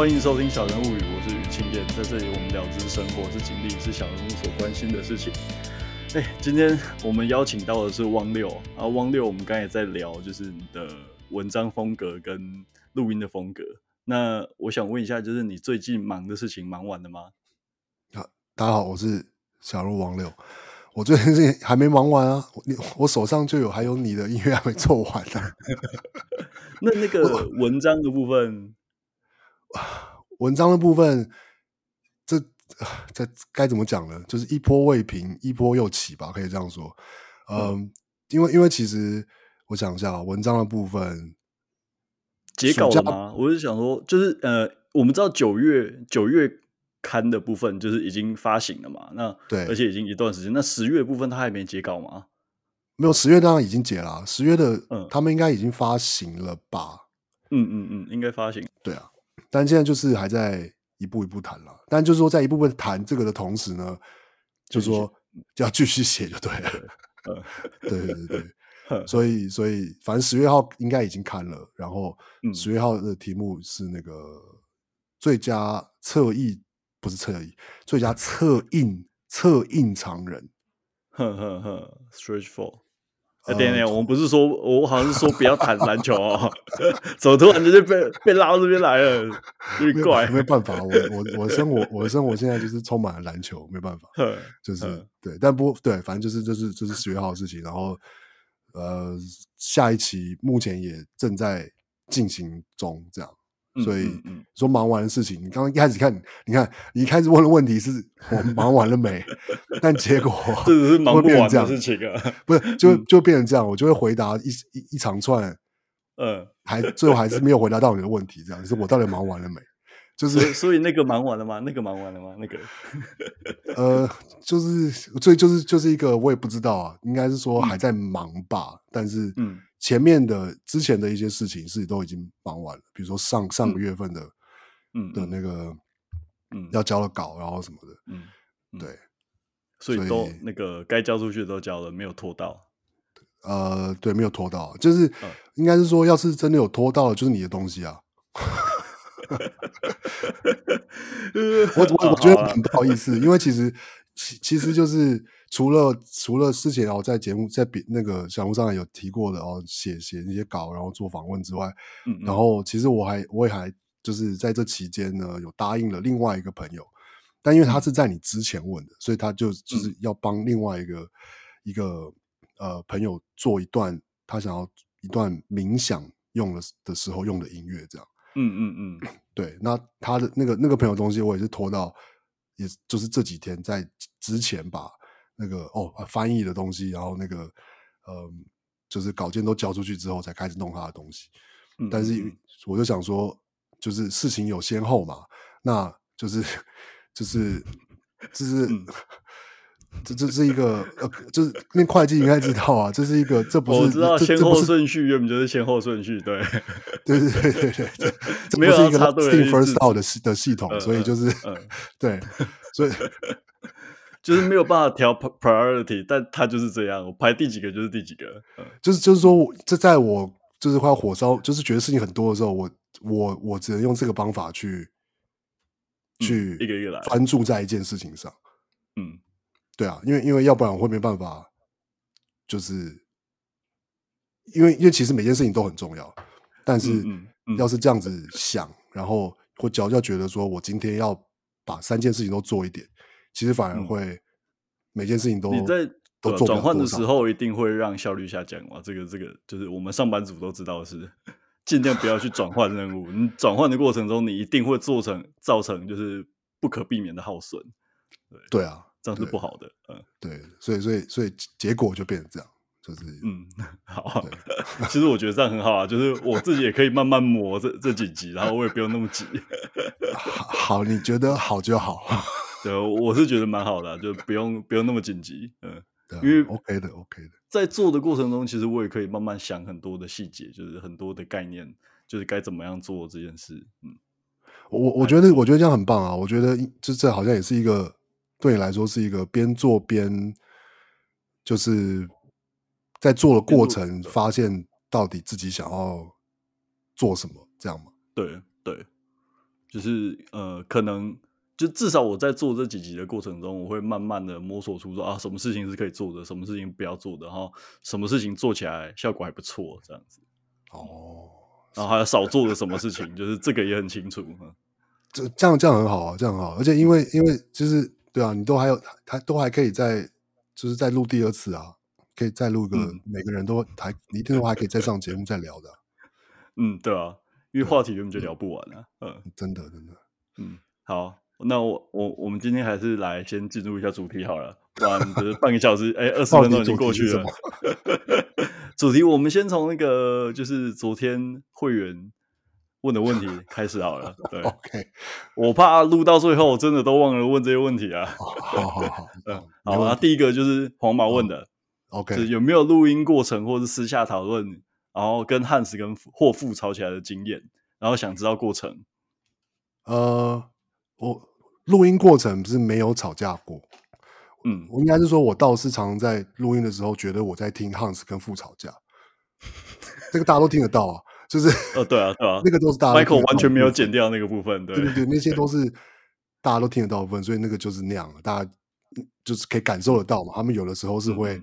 歡迎收聽《小人物語》，我是於青燕，在這裡我們聊之生活、之經歷、是小人物所關心的事情。哎，今天我們邀請到的是汪六啊，汪六，我們剛也在聊，就是你的文章風格跟錄音的風格。那我想問一下，就是你最近忙的事情，忙完了嗎？好、啊，大家好，我是小鹿汪六，我最近還沒忙完啊，我你我手上就有，還有你的音樂還沒做完呢、啊。 那那個文章的部分。啊，文章的部分，這這該怎麼講呢？就是一波未平，一波又起吧，可以這樣說。嗯，嗯，因為因為其實我想一下，文章的部分截稿嗎？假我是想說，就是呃，我們知道九月九月刊的部分就是已經發行了嘛？那對，而且已經一段時間。那十月部分它還沒截稿嗎？沒有，十月當然已經截了、啊。十月的，嗯，他們應該已經發行了吧？嗯嗯嗯，應該發行。對啊。但現在就是還在一步一步談了，但就是說在一步步談這個的同時呢，就說就要繼續寫就對了， 對對對、對 所以所以反正十月號應該已經刊了，然後十月號的題目是那個最佳側翼，不是側翼，最佳側印側印常人，呵呵呵 straightforward。哎，點點、欸，欸嗯、我們不是說，嗯、我好像是說不要談籃球哦，怎 麼突然就是被 被、被拉到這邊來了？有點 怪沒，沒辦法，我我我生活我的生活現在就是充滿了籃球，沒辦法，呵就是呵對，但不對，反正就是就是就是學好的事情，然後呃，下一期目前也正在進行中，這樣。所以說，忙完的事情，嗯嗯嗯你剛剛一開始看，你看，你一開始問的問題是我忙完了沒？ 但結果確是會變這樣，這是不，事情不是？就、嗯、就變成這樣，我就會回答一一一長串，嗯還，還最後還是沒有回答到你的問題，這樣就、嗯、是我到底忙完了沒？就是，所以，所以那個忙完了嗎？那個忙完了嗎？那個，呃，就是，所以就是就是一個，我也不知道啊，應該是說還在忙吧，嗯、但是，嗯。前面的之前的一些事情是都已經忙完了，比如說上上個月份的，嗯，的那個，要交的稿，然後什麼的，對，所以都那個該交出去的都交了，沒有拖到。呃，對，沒有拖到，就是應該是說，要是真的有拖到，就是你的東西啊。我我我覺得很不好意思，因為其實其其實就是。除了除了之前我在節目在筆那個小紅書上有提過的哦，寫寫那些稿，然後做訪問之外，嗯嗯，然後其實我還我也還就是在這期間呢，有答應了另外一個朋友，但因為他是在你之前問的，所以他就就是要幫另外一個、嗯、一個呃朋友做一段他想要一段冥想用的的時候用的音樂，這樣。嗯嗯嗯，對。那他的那個那個朋友東西，我也是拖到也就是這幾天在之前吧。那個哦，翻譯的東西，然後那個，嗯，就是稿件都交出去之後，才開始弄他的東西。但是我就想說，就是事情有先後嘛，那就是，就是，就是，這這是一個，就是那會計應該知道啊，這是一個，這不是我知道先後順序，原本就是先後順序，對，對對對對對，這沒有一個他 first out 的的系統，所以就是，對，所以。就是沒有辦法調 priority， 但他就是這樣，我排第幾個就是第幾個。嗯、就是就是說，這在我就是快要火燒，就是覺得事情很多的時候，我我我只能用這個方法去、嗯、去一個一個來專注在一件事情上。一個一個嗯，對啊，因為因為要不然我會沒辦法，就是因為因為其實每件事情都很重要，但是要是這樣子想，嗯嗯、然後或只要覺得說我今天要把三件事情都做一點。其實反而會每件事情都、嗯、你在都轉換的時候一定會讓效率下降嘛？這個這個就是我們上班族都知道的是，是盡量不要去轉換任務。 你轉換的過程中，你一定會做成造成就是不可避免的耗損。對，對啊，這樣是不好的。對嗯，對，所以所以所以結果就變成這樣，就是嗯好、啊。對其實我覺得這樣很好啊，就是我自己也可以慢慢磨這 這幾集，然後我也不用那麼急。好，好，你覺得好就好。 對，我是覺得蠻好的，啊，就不用不用那麼緊急，嗯、呃，對啊，因為 OK 的，OK 的，在做的過程中，其實我也可以慢慢想很多的細節，就是很多的概念，就是該怎麼樣做這件事，嗯，我我覺得我覺得這樣很棒啊，我覺得這這好像也是一個對你來說是一個邊做邊，就是在做的過程發現到底自己想要做什麼這樣嗎？對對，就是呃可能。就至少我在做這幾集的過程中，我會慢慢的摸索出說啊，什麼事情是可以做的，什麼事情不要做的，然後什麼事情做起來效果還不錯，這樣子。哦，然後還有少做的什麼事情， 就是這個也很清楚。這這樣這樣很好、啊、這樣很好、啊。而且因為因為就是對啊，你都還有，還都還可以再，就是再錄第二次啊，可以再錄個，嗯、每個人都還一定的話還可以再上節目再聊的、啊。嗯，對啊，因為話題根本就聊不完啊。嗯呵真，真的真的。嗯，好。那我我我們今天還是來先進入一下主題好了，不然就是半個小時，哎，二十分鐘已經過去了。 主，題 主題我們先從那個就是昨天會員問的問題開始好了。 對，OK，我怕錄到最後真的都忘了問這些問題啊。好好好，嗯、啊，好，那第一個就是黃毛問的、oh,，OK，有沒有錄音過程或是私下討論，然後跟漢斯跟霍富吵起來的經驗，然後想知道過程。呃，uh, 我。錄音過程不是沒有吵架過，嗯，我應該是說，我倒是常在錄音的時候覺得我在聽 Hans 跟傅吵架，嗯、 這個大家都聽得到啊，就是，呃，對啊，對啊， 那個都是大家都聽得到 Michael 完全沒有剪掉那個部分，對對對，那些都是大家都聽得到的部分，所以那個就是那樣，大家就是可以感受得到嘛，他們有的時候是會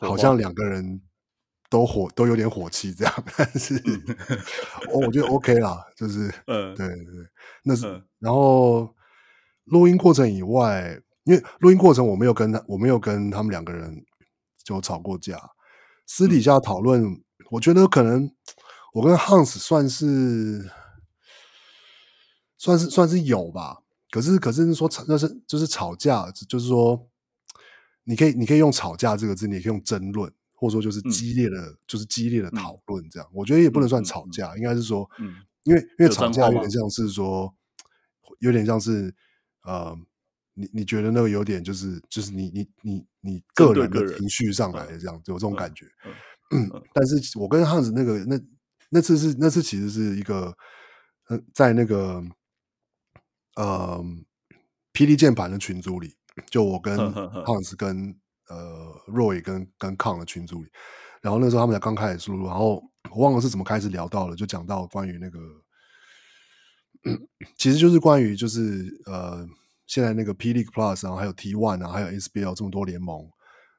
好像兩個人都火都有點火氣這樣，但是，我我覺得 OK 啦，就是，嗯，對對對，嗯、那是、嗯、然後。錄音過程以外，因為錄音過程我沒有跟他，我沒有跟他們兩個人就吵過架。嗯、私底下討論，我覺得可能我跟 Hans 算是算是算是有吧。可是，可是說那是就是吵架，就是說你可以你可以用吵架這個字，你可以用爭論，或者說就是激烈的，嗯、就是激烈的討論這樣。我覺得也不能算吵架，嗯、應該是說，嗯、因為因為吵架有點像是說、嗯、有，有，有點像是。呃、嗯，你你覺得那個有點就是就是你你你你個人的情緒上來這樣子，有這種感覺，嗯嗯嗯、但是我跟胖子那個那那次是那次其實是一個在那個呃霹靂鍵盤的群組裡，就我跟胖子跟呵呵呵呃若偉跟跟康的群組裡，然後那時候他們倆剛開始輸入，然後我忘了是怎麼開始聊到了，就講到關於那個。嗯、其實就是關於就是呃，現在那個 P League Plus，然後還有 T1 啊，還有 SBL 這麼多聯盟，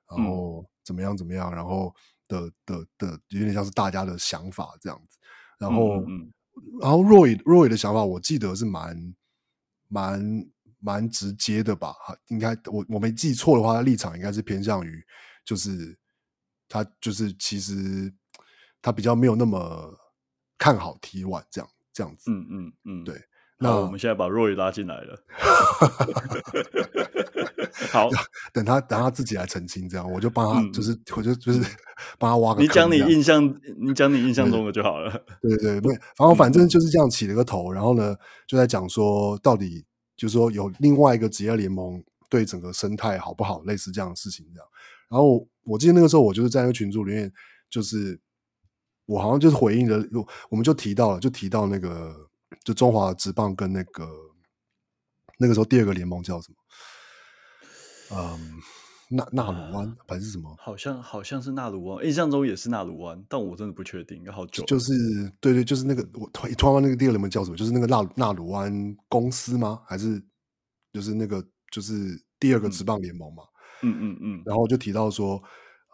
然後怎麼樣怎麼樣，然後的的的有點像是大家的想法這樣子。然後嗯嗯嗯，然後若雨若雨的想法，我記得是蠻蠻蠻直接的吧？應該我我沒記錯的話，他立場應該是偏向於就是他就是其實他比較沒有那麼看好 T1 這樣。這樣子，嗯嗯嗯，對。那我們現在把若雨拉進來了。 好，等他等他自己來澄清這樣，我就幫他，就是、嗯、我就就是幫他挖個坑。你講你印象，你講你印象中的就好了。對對對，然後反正就是這樣起了個頭，不 然後呢就在講說，到底就是說有另外一個職業聯盟對整個生態好不好，類似這樣的事情這樣。然後我，我記得那個時候我就是在那個群組裡面，就是。我好像就是回應了，我們就提到了，就提到那個，就中華職棒跟那個那個時候第二個聯盟叫什麼？嗯、um,，那那魯灣、啊、還是什麼？好像好像是那魯灣，印象中也是那魯灣，但我真的不確定，然後就是對對，就是那個我突然那個第二個聯盟叫什麼？就是那個那那魯灣公司嗎？還是就是那個就是第二個職棒聯盟嘛、嗯？嗯嗯嗯。嗯然後就提到說。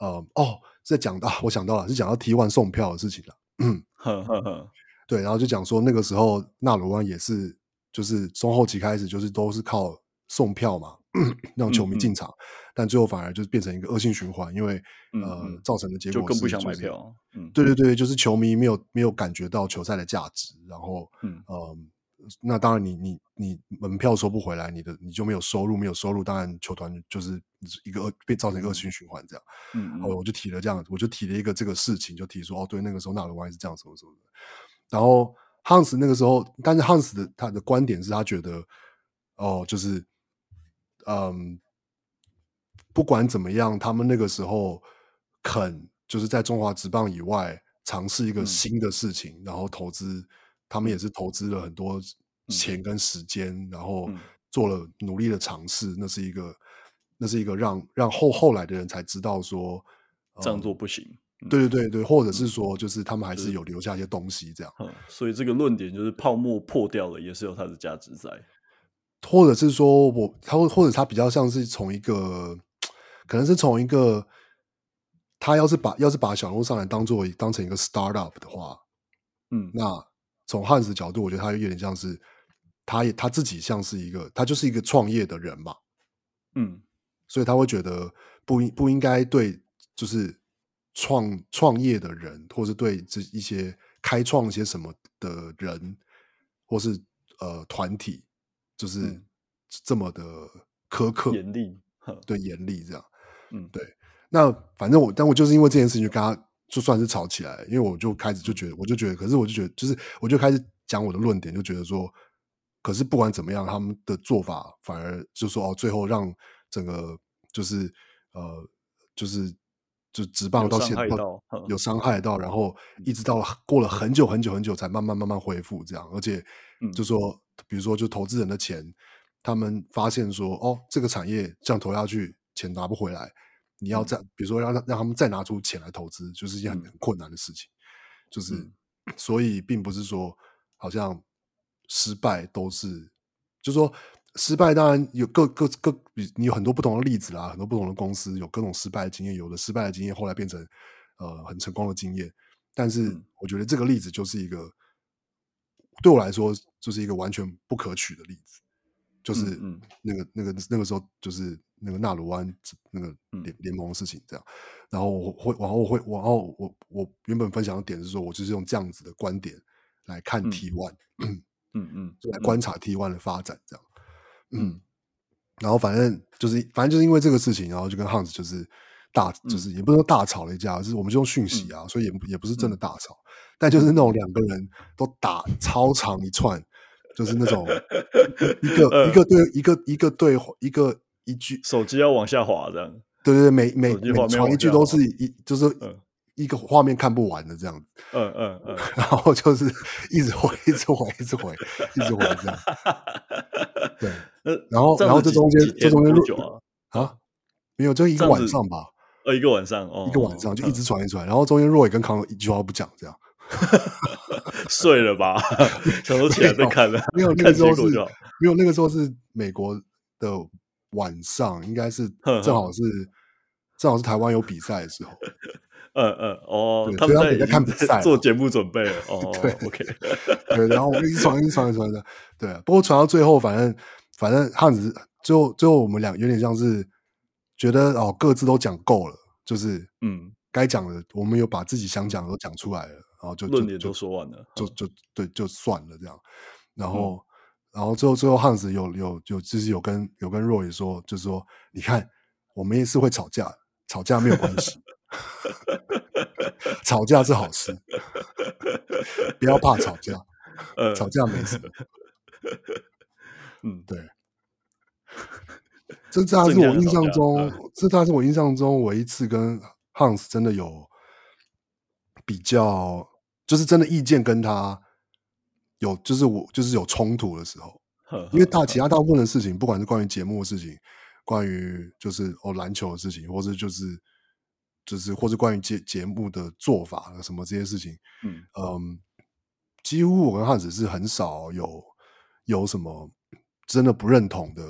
呃哦，是在講到、啊、我想到了，是講到提 o 送票的事情了。嗯哼對，然後就講說那個時候納羅灣也是，就是中後期開始就是都是靠送票嘛，讓球迷進場，嗯嗯，但最後反而就是變成一個惡性循環，因為嗯嗯呃造成的結果是、就是、就更不想買票。對對對，就是球迷沒有沒有感覺到球賽的價值，然後嗯。嗯那當然你，你你你門票收不回來，你的你就沒有收入，沒有收入，當然球團就是一個被造成惡性循環這樣。嗯，我、嗯、我就提了這樣，我就提了一個這個事情，就提出哦，對，那個時候哪個玩意是這樣，什麼什麼的。然後漢斯那個時候，但是漢斯的他的觀點是他覺得，哦，就是嗯，不管怎麼樣，他們那個時候肯就是在中華職棒以外嘗試一個新的事情，嗯、然後投資。他們也是投資了很多錢跟時間，嗯、然後做了努力的嘗試。嗯、那是一個，那是一個讓讓後後來的人才知道說、嗯、這樣做不行。對、嗯、對對對，或者是說，就是他們還是有留下一些東西這樣。嗯、所以這個論點就是泡沫破掉了，也是有它的價值在。或者是說我他或者他比較像是從一個，可能是從一個，他要是把要是把小龍上來當做當成一個 start up 的話，嗯，那。從漢斯角度，我覺得他有點像是，他他自己像是一個，他就是一個創業的人嘛，嗯，所以他會覺得不不應該對就是創創業的人，或是對這一些開創一些什麼的人，或是呃團體，就是這麼的苛刻、嗯、嚴厲，對嚴厲這樣，嗯，對，那反正我，但我就是因為這件事情、嗯、就跟他。就算是吵起來，因為我就開始就覺得，我就覺得，可是我就覺得，就是我就開始講我的論點，就覺得說，可是不管怎麼樣，他們的做法反而就說哦，最後讓整個就是呃，就是就直棒到現有傷害，到，有傷害到，然後一直到過了很久很久很久，才慢慢慢慢恢復這樣，而且就說，嗯、比如說就投資人的錢，他們發現說哦，這個產業這樣投下去，錢拿不回來。你要再比如說讓讓讓他們再拿出錢來投資，就是一件很困難的事情。嗯、就是，所以並不是說好像失敗都是，就是說失敗當然有各各各比你有很多不同的例子啦，很多不同的公司有各種失敗的經驗，有的失敗的經驗後來變成呃很成功的經驗。但是我覺得這個例子就是一個，嗯、對我來說就是一個完全不可取的例子。就是那個、嗯嗯、那個那個時候，就是那個納魯灣那個聯聯盟的事情這樣。然後我會，往後會，往後我我，我原本分享的點是說，我就是用這樣子的觀點來看 T1，嗯嗯，嗯 就來觀察 T1 的發展這樣。嗯，嗯然後反正就是，反正就是因為這個事情，然後就跟 Hans 就是大，就是也不能說大吵了一架，就、嗯、是我們就用訊息啊，嗯、所以也也不是真的大吵，嗯、但就是那種兩個人都打超長一串。就是那種一個一個對一個一個對一個一句手機要往下滑這樣，對對對，每每每傳一句都是一就是一個畫面看不完的這樣子，嗯嗯嗯，然後就是一直回一直回一直回一直回這樣，對，然後然後這中間這中間多久啊？啊，沒有，就一個晚上吧，呃，一個晚上哦，一個晚上就一直傳一傳，然後中間若也跟康一句話不講這樣。睡了吧，早上起來再看的。沒有，那個時候是，沒有那個時候是美國的晚上，應該是正好是正好是台灣有比賽的時候。嗯嗯，哦，他們在看比賽，做節目準備。哦，對，OK，對，然後一直傳，一直傳，一直傳，對。不過傳到最後，反正反正漢子最後最後我們倆有點像是覺得哦，各自都講夠了，就是嗯，該講的我們有把自己想講的都講出來了。然後就就，論點都說完了，就就對就算了這樣。然後，然後最後最後，漢斯有有有，就是有跟有跟若雨說，就說你看，我們也是會吵架，吵架沒有關係，吵架是好事，不要怕吵架，吵架沒什麼。嗯，對，這他是我印象中，這他是我印象中唯一一次跟漢斯真的有比較。就是真的意見跟他有，就是我就是有衝突的時候，呵呵呵，因為他其他大部分的事情，不管是關於節目的事情，關於就是哦籃球的事情，或是就是就是或是關於節節目的做法什麼這些事情，嗯嗯，幾乎我跟漢子是很少有有什麼真的不認同的，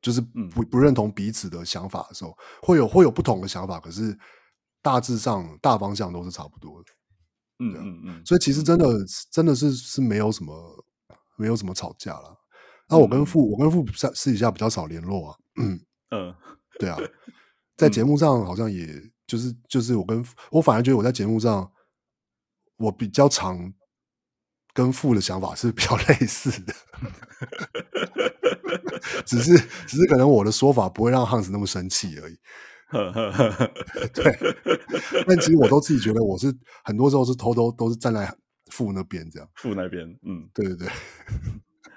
就是不、嗯、不認同彼此的想法的時候，會有會有不同的想法，可是大致上大方向都是差不多的。嗯嗯，嗯所以其實真的真的是是沒有什麼沒有什麼吵架了。那、啊、我跟傅、嗯、我跟傅私底下比較少聯絡啊。嗯嗯，對啊，在節目上好像也、嗯、就是就是我跟我反而覺得我在節目上我比較常跟傅的想法是比較類似的， 只是只是可能我的說法不會讓 Hans 那麼生氣而已。 對，但其實我都自己覺得我是很多時候是偷偷都是站在父那邊這樣，父那邊，嗯，對對對。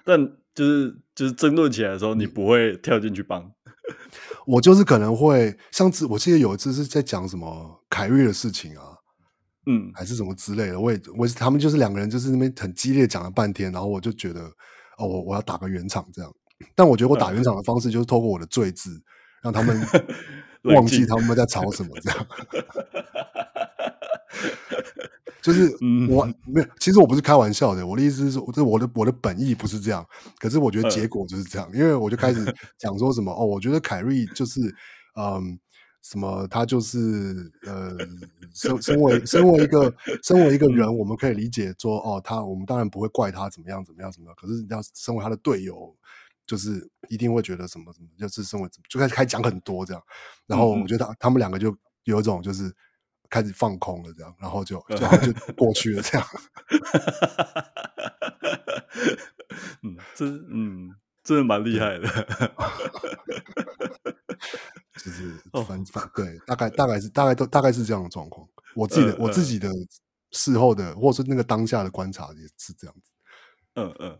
但就是就是爭論起來的時候，你不會跳進去幫、嗯、我，就是可能會上次我記得有一次是在講什麼凱瑞的事情啊，嗯，還是什麼之類的。我也我也是他們就是兩個人就是那邊很激烈講了半天，然後我就覺得哦，我我要打個圓場這樣。但我覺得我打圓場的方式就是透過我的睿智、嗯、讓他們。 忘記他們在吵什麼，這樣， 就是我沒有。其實我不是開玩笑的，我的意思是說，我的我的本意不是這樣，可是我覺得結果就是這樣。嗯、因為我就開始講說什麼哦，我覺得凱瑞就是嗯，什麼他就是呃，身身為身為一個身為一個人，我們可以理解說哦，他我們當然不會怪他怎麼樣怎麼樣怎麼，樣，可是你要身為他的隊友。就是一定會覺得什麼什麼，就是生活怎麼就開始開講很多這樣，然後我覺得他他們兩個就有一種就是開始放空了這樣，然後就然後就，就過去了這樣。嗯， 嗯，這嗯，真的蠻厲害的。 就是反分反、哦、對，大概大概是大概都大概是這樣的狀況。我自己的、嗯嗯、我自己的事後的，或者說那個當下的觀察也是這樣子。嗯嗯。嗯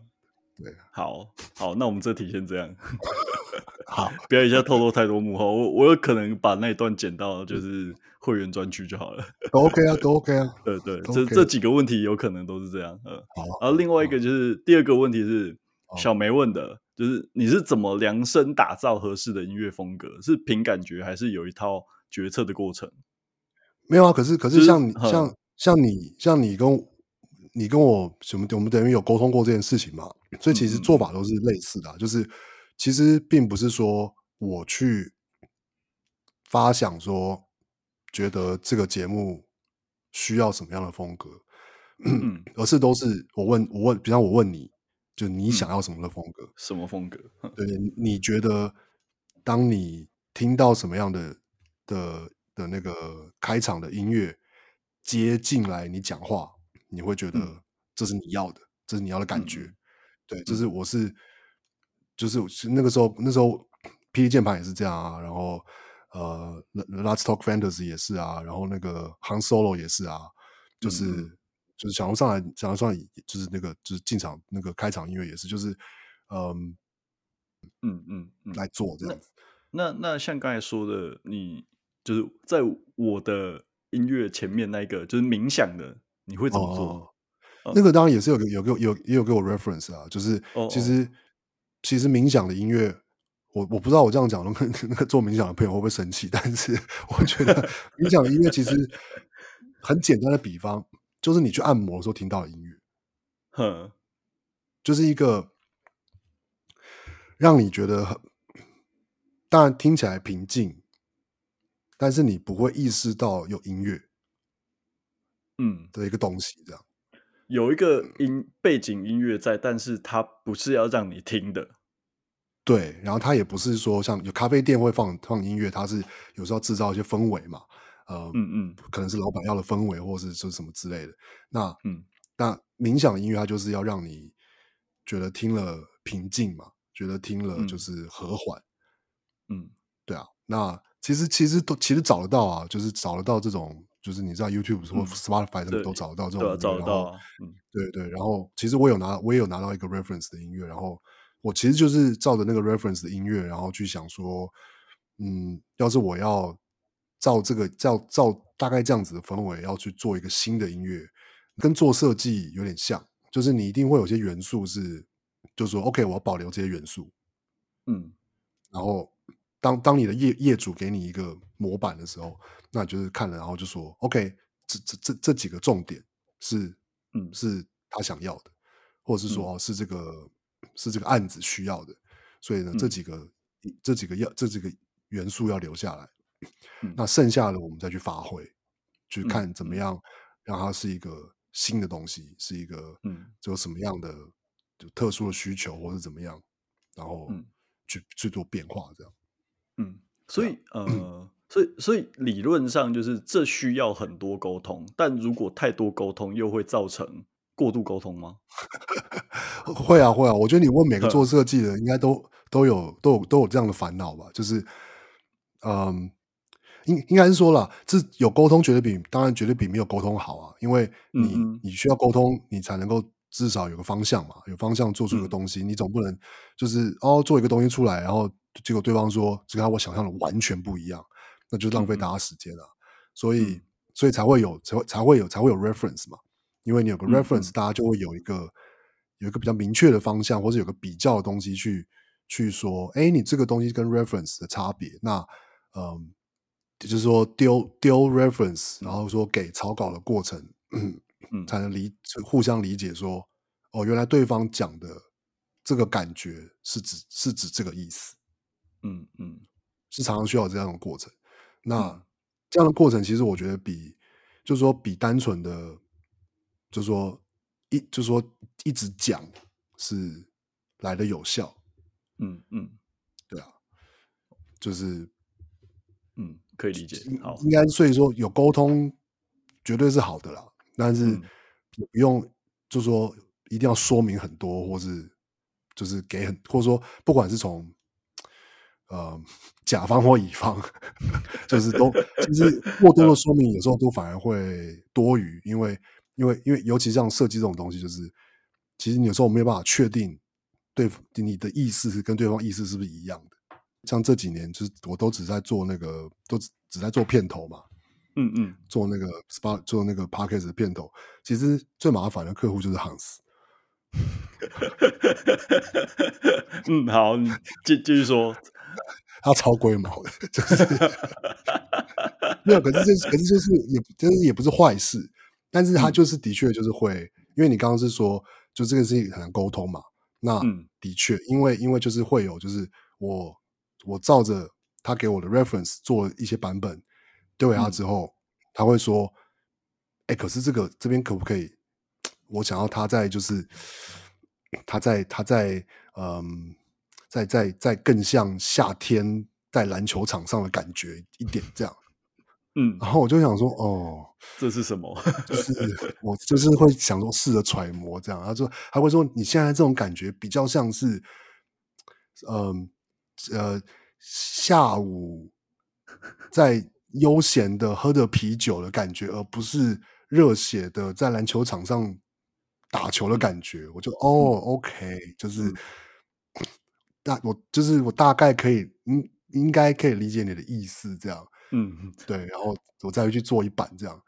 對、啊，好好，那我們這題先這樣。 好，不要一下透露太多幕後，我我有可能把那一段剪到就是會員專區就好了。 都 OK 啊，都 OK 啊。對 對，對 OK 這這幾個問題有可能都是這樣。嗯，好。然後另外一個就是好第二個問題是好小梅問的，就是你是怎麼量身打造合適的音樂風格？是憑感覺還是有一套決策的過程？沒有啊，可是可是像你、就是、呵像像你像你跟。你跟我什麼？我們等於有溝通過這件事情嘛？所以其實做法都是類似的，啊，嗯、就是其實並不是說我去發想說覺得這個節目需要什麼樣的風格，嗯、而是都是我問，我問，比方我問你，就你想要什麼的風格？嗯、什麼風格？對對，你覺得當你聽到什麼樣的的的那個開場的音樂接進來，你講話。你會覺得這是你要的，嗯、這是你要的感覺，嗯、對，就是我是，嗯、就是那個時候，那時候，P.D. 鍵盤也是這樣啊，然後呃，《Last Talk Fantasy》也是啊，然後那個《Han Solo》也是啊，就是、嗯、就是響聲上來，響聲上來，就是那個就是進場那個開場音樂也是，就是嗯嗯嗯，嗯，嗯來做這樣子。那那，那像剛才說的，你就是在我的音樂前面那一個就是冥想的。你會怎麼做？那個當然也是有個、有個、有也有給我 reference 啊，就是其實 oh, oh. 其實冥想的音樂，我我不知道我這樣講，那個做冥想的朋友會不會生氣？但是我覺得冥想的音樂其實很簡單的比方， 就是你去按摩的時候聽到的音樂，哼，oh. 就是一個讓你覺得很，當然聽起來平靜，但是你不會意識到有音樂。嗯，的一個東西這樣，有一個音、嗯、背景音樂在，但是它不是要讓你聽的，對。然後它也不是說像有咖啡店會放放音樂，它是有時候制造一些氛圍嘛，嗯、呃、嗯，嗯可能是老闆要的氛圍，或是說什麼之類的。那嗯，那冥、嗯、想音樂它就是要讓你覺得聽了平靜嘛，覺得聽了就是和緩，嗯，對啊。那其實其實都其實找得到啊，就是找得到這種。就是你知道 YouTube 什麼 Spotify 什麼，都找得到這種音、嗯、然後找得到，嗯、對對，然後其實我有拿，我也有拿到一個 reference 的音樂，然後我其實就是照着那個 reference 的音樂，然後去想說，嗯，要是我要照這個，照照大概這樣子的氛圍，要去做一個新的音樂，跟做設計有點像，就是你一定會有些元素是，就是說，OK，我要保留這些元素，嗯，然後當當你的業業主給你一個。模板的時候，那就是看了然後就說，OK，這這這這幾個重點是，嗯、是他想要的，或者是說哦、啊，嗯、是這個是這個案子需要的，所以呢，嗯、這幾個這幾個要這幾個元素要留下來，嗯、那剩下的我們再去發揮，嗯、去看怎麼樣讓它是一個新的東西，嗯、是一個嗯，就什麼樣的就特殊的需求或者怎麼樣，然後去、嗯、去做變化這樣，嗯，所以樣呃。 所以，所以理論上就是這需要很多溝通，但如果太多溝通，又會造成過度溝通嗎？ 會啊，會啊！我覺得你問每個做設計的應，應該都都有、都有、都有這樣的煩惱吧？就是，嗯，應應該是說了，這有溝通覺得，絕對比當然絕對比沒有溝通好啊！因為你嗯嗯你需要溝通，你才能夠至少有個方向嘛，有方向做出一個東西。嗯、你總不能就是哦，做一個東西出來，然後結果對方說這跟我想象的完全不一樣。那就浪費大家時間了，嗯嗯、所以所以才會有才會才會有才會有 reference 嘛，因為你有個 reference，嗯嗯、大家就會有一個有一個比較明確的方向，或者有個比較的東西去去說，哎，你這個東西跟 reference 的差別。那嗯，就是說丟丟 reference，然後說給草稿的過程，嗯，嗯 才能理互相理解說，哦，原來對方講的這個感覺是指是指這個意思，嗯嗯，是常常需要有這樣的過程。那這樣的過程，其實我覺得比就是說比單純的，就是說一就是說一直講是來得有效。嗯嗯，對啊，就是嗯可以理解，應該所以說有溝通絕對是好的啦，但是不用就是說一定要說明很多，或是就是給很或者說不管是從。呃，甲方或乙方， 就是都 其實過多的說明，有時候都反而會多餘，因為因為因為尤其像設計這種東西，就是其實你有時候沒有辦法確定對你的意思是跟對方意思是不是一樣的。像這幾年，就是我都只在做那個，都只，只在做片頭嘛，嗯嗯，嗯做那個 spa 做那個 podcast 的片頭，其實最麻煩的客戶就是 Hans。 嗯，好，你繼繼續說。 他超龜毛的，就是 沒有。可是就是，可是就是也，也、就是、也不是壞事。但是他就是的確就是會，嗯、因為你剛剛是說，就這個事情很難溝通嘛。那、嗯、的確，因為因為就是會有，就是我我照着他給我的 reference 做一些版本丟給他之後，嗯、他會說：“哎、欸，可是這個這邊可不可以？我想要他在就是他在他在嗯。”在在在更像夏天在籃球場上的感覺一點這樣，嗯，然後我就想說，哦，這是什麼？ 就是我就是會想說試着揣摩這樣。他說他會說，還會說你現在這種感覺比較像是，嗯呃，呃下午在悠閒的喝着啤酒的感覺，而不是熱血的在籃球場上打球的感覺。我就哦、嗯 Oh，OK，就是。嗯那我就是我大概可以應該可以理解你的意思這樣，嗯，對，然後我再去做一版這樣，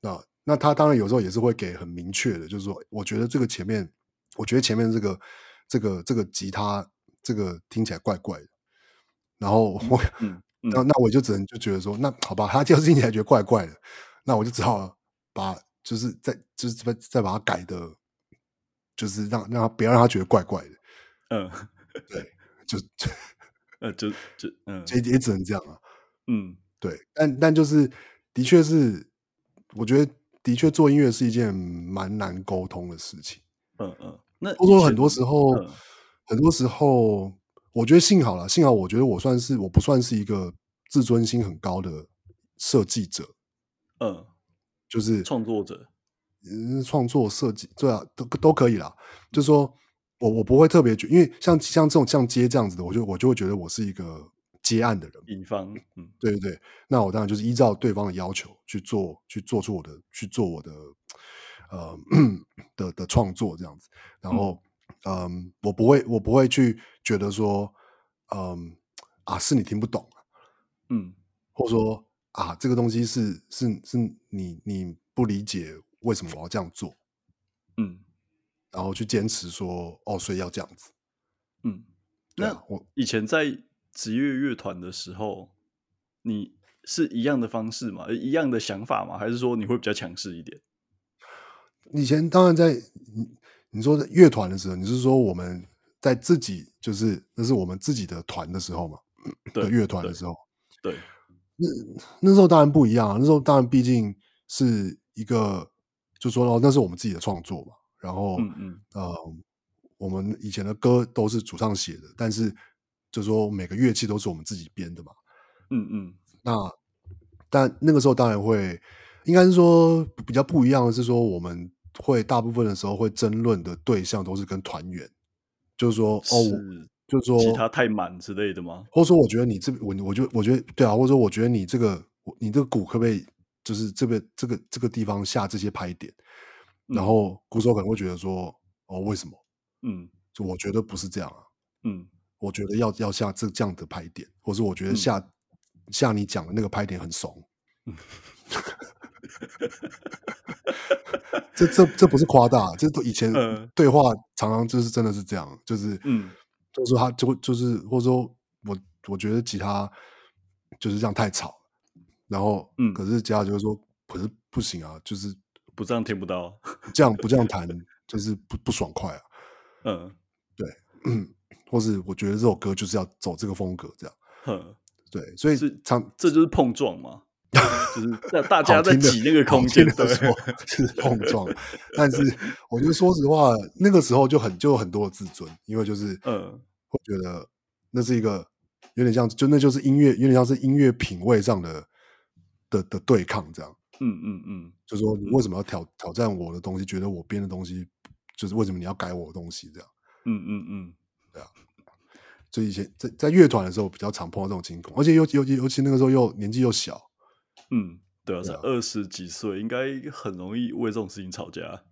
那那他當然有時候也是會給很明確的，就是說我覺得這個前面，我覺得前面這個這個這個吉他這個聽起來怪怪的，然後我，嗯嗯、那那我就只能就覺得說那好吧，他就是聽起來覺得怪怪的，那我就只好把就是在就是再再把它改的，就是讓讓他不要讓他覺得怪怪的，嗯。 對，就 呃，就就也也、呃、只能這樣了，啊。嗯，對，但但就是，的確是，我覺得的確做音樂是一件蠻難溝通的事情。嗯嗯，嗯，那溝通很多時候，嗯、很多時候，嗯、我覺得幸好啦，幸好我覺得我算是我不算是一個自尊心很高的設計者。嗯，就是創作者，嗯，創作設計，對啊，都都可以啦。嗯、就是說。我我不會特別覺，因為像像這種像接這樣子的，我就我就會覺得我是一個接案的人，乙方，嗯，對對對，那我當然就是依照對方的要求去做，去做出我的去做我的，呃的的，的創作這樣子，然後嗯、呃，我不會我不會去覺得說，嗯、呃、啊，是你聽不懂，嗯，或者說啊，這個東西是是是你你不理解為什麼我要這樣做，嗯。然後去堅持說哦，所以要這樣子。嗯，那我以前在職業樂團的時候，你是一樣的方式嗎？一樣的想法嗎？還是說你會比較強勢一點？以前當然在你你說樂團的時候，你是說我們在自己就是那是我們自己的團的時候嘛？對，樂團的時候，對。對。那，那時候當然不一樣啊，那時候當然畢竟是一個，就說哦，那是我們自己的創作嘛。然後，嗯嗯，呃，我們以前的歌都是主唱寫的，但是就是說每個樂器都是我們自己編的嘛，嗯嗯。那但那個時候當然會，應該是說比較不一樣的是說，我們會大部分的時候會爭論的對象都是跟團員，就是說是哦，就是說其他太滿之類的嗎？或者說我覺得你這我，我就我覺得對啊，或者說我覺得你這個你這個鼓可不可以就是這邊這個這個地方下這些拍點？然後鼓手可能會覺得說：“哦，為什麼？”嗯，就我覺得不是這樣啊。嗯，我覺得要要下這這樣的拍點，或是我覺得下、嗯、下你講的那個拍點很慫。嗯、 這這這不是誇大，這都以前對話常常就是真的是這樣，就是嗯，就是他就就是，或者說我我覺得吉他就是這樣太吵，然後嗯，可是吉他就說不是說：“可、嗯、是不行啊，就是。”不這樣聽不到， 這樣不這樣彈就是不不爽快啊。嗯，對，嗯，或是我覺得這首歌就是要走這個風格，這樣。嗯，對，所以是唱，長這就是碰撞嘛， 嗯、就是大家在擠那個空間，沒錯，對是碰撞。 但是我覺得說實話，那個時候就很就有很多的自尊，因為就是嗯，我覺得那是一個有點像，就那就是音樂，有點像是音樂品味上的的的對抗這樣。嗯嗯嗯，嗯嗯就是說你為什麼要挑、嗯、挑戰我的東西？嗯、覺得我編的東西，就是為什麼你要改我的東西？這樣，嗯嗯嗯，嗯嗯對啊，所以以前在在樂團的時候，比較常碰到這種情況，而且尤其尤其尤其那個時候又年紀又小，嗯，對啊，才二十幾歲，應該很容易為這種事情吵架，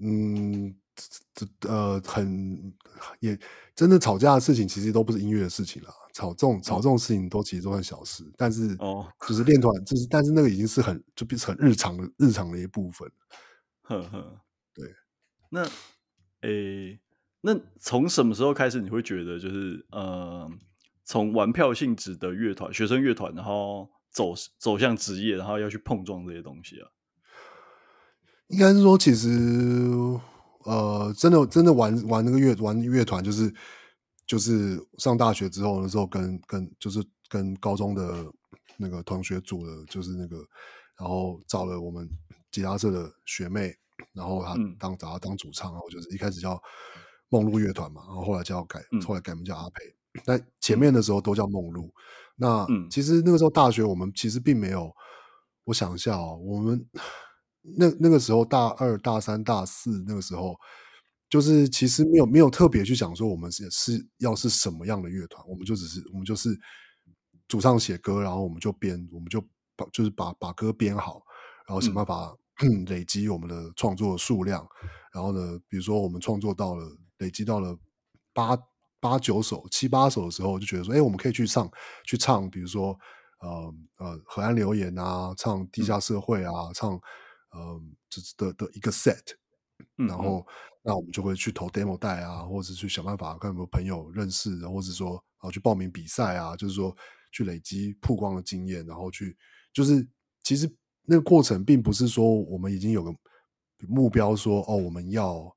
嗯。這呃，很也真的吵架的事情，其實都不是音樂的事情了。吵這種吵這種事情，都其實都算小事。但是，哦就是練團，就是樂團，就是但是那個已經是很就變成日常的、嗯、日常的一部分。呵呵，對。那，哎、欸，那從什麼時候開始，你會覺得就是呃，從玩票性質的樂團、學生樂團，然後走走向職業，然後要去碰撞這些東西啊？應該是說，其實。呃，真的，真的玩玩那個樂，玩樂團就是就是上大學之後，那時候跟跟就是跟高中的那個同學組的，就是那個，然後找了我們吉他社的學妹，然後她當找她當主唱，然後就是一開始叫夢露樂團嘛，然後後來叫改，後來改名叫阿培，但前面的時候都叫夢露。那其實那個時候大學我們其實並沒有，我想一下哦，我們。那那個時候，大二、大三、大四那個時候，就是其實沒有沒有特別去想說我們是是要是什麼樣的樂團，我們就只是我們就是主唱寫歌，然後我們就編，我們就把就是把把歌編好，然後想辦法、嗯、 累積我們的創作的數量。然後呢，比如說我們創作到了累積到了八八九首、七八首的時候，就覺得說，哎、欸，我們可以去唱去唱，比如說呃呃，河岸留言啊，唱地下社會啊，嗯、唱。嗯，就是的的一個 set，、嗯、然後那我們就會去投 demo 帶啊，或者是去想辦法看有沒有朋友認識，然後或者說然後去報名比賽啊，就是說去累積曝光的經驗，然後去就是其實那個過程並不是說我們已經有個目標說哦我們要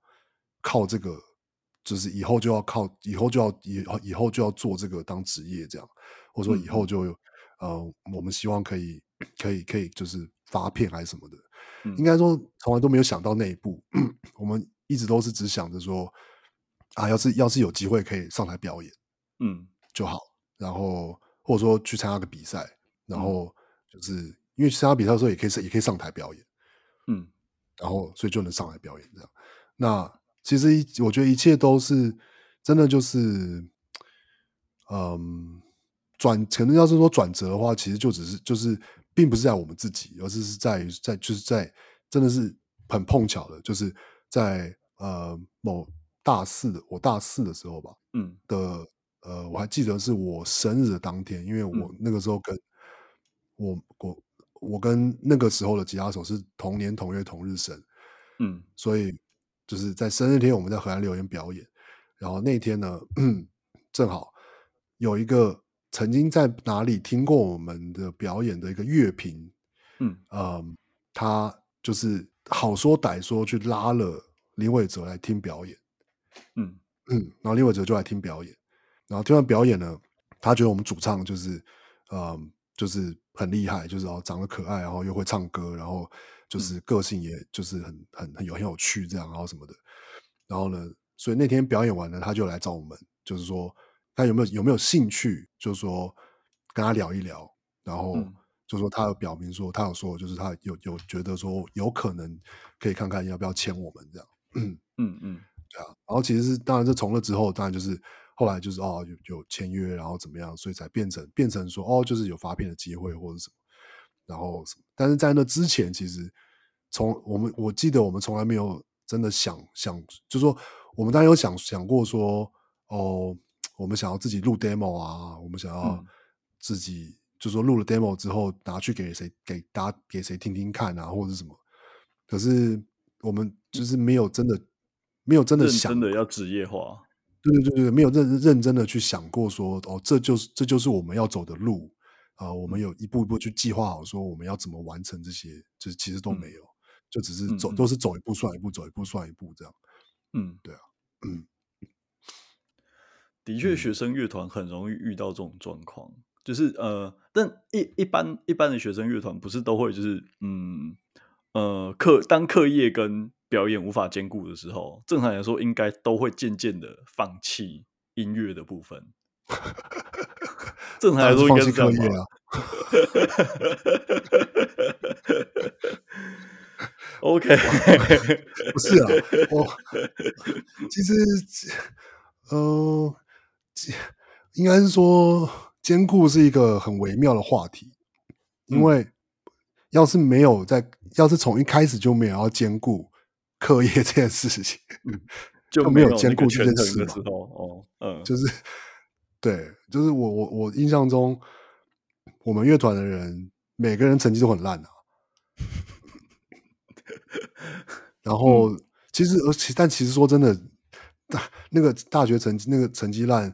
靠這個，就是以後就要靠以後就要以以後就要做這個當職業這樣，或者說以後就有、嗯、呃我們希望可以可以可以就是發片還是什麼的。應該說，從來都沒有想到那一步。嗯、 我們一直都是只想着說，啊，要是要是有機會可以上台表演，嗯，就好。然後或者說去參加個比賽，然後就是、嗯、因為參加比賽的時候也可以也可以上台表演，嗯，然後所以就能上台表演這樣。那其實一，我覺得一切都是真的就是，嗯，轉可能要是說轉折的話，其實就只是就是。並不是在我們自己，而是是在在就是在，真的是很碰巧的，就是在呃某大四，我大四的時候吧，嗯的呃我還記得是我生日的當天，因為我那個時候跟、嗯、我我我跟那個時候的吉他手是同年同月同日生，嗯，所以就是在生日天我們在河岸留言表演，然後那天呢，嗯，正好有一個，曾經在哪裡聽過我們的表演的一個樂評，嗯，嗯，他就是好說歹說去拉了林偉哲來聽表演，嗯嗯，然後林偉哲就來聽表演，然後聽完表演呢，他覺得我們主唱就是，嗯，就是很厲害，就是哦長得可愛，然後又會唱歌，然後就是個性也就是很很很有很有趣這樣，然後什麼的，然後呢，所以那天表演完了，他就來找我們，就是說。他有沒有有沒有興趣？就是說跟他聊一聊，然後就是說他有表明說、嗯、他有說，就是他有有覺得說有可能可以看看要不要簽我們這樣。嗯嗯嗯、對啊，然後其實是當然，是從那之後，當然就是後來就是哦有有簽約，然後怎麼樣，所以才變成變成說哦就是有發片的機會或者什麼，然後什麼。但是在那之前，其實從我們我記得我們從來沒有真的想想，就是說我們當然有想想過說哦。我們想要自己錄 demo 啊，我們想要自己、嗯、就說錄了 demo 之後拿去給誰，給大家給誰聽聽看啊，或者什麼？可是我們就是沒有真的、嗯、沒有真的想過，真的要職業化，對對對對，沒有認認真的去想過說哦，這就是這就是我們要走的路啊，呃，我們有一步一步去計劃好說我們要怎麼完成這些，就是其實都沒有，嗯、就只是走、嗯、都是走一步算一步，走一步算一步這樣。嗯，對啊，嗯。的確，學生樂團很容易遇到這種狀況，嗯、就是呃，但一一般一般的學生樂團不是都會就是嗯呃課當課業跟表演無法兼顧的時候，正常來說應該都會漸漸的放棄音樂的部分。 正常來說應該是這樣嗎？OK 不是啊，我其實呃。應該是說，兼顧是一個很微妙的話題，因為要是沒有在，嗯、要是從一開始就沒有要兼顧課業這件事情，就沒， 就沒有兼顧這件事嘛。哦，嗯，就是對，就是我我我印象中我們樂團的人每個人成績都很爛、啊嗯、然後其實但其實說真的，大那個大學成績那個成績爛。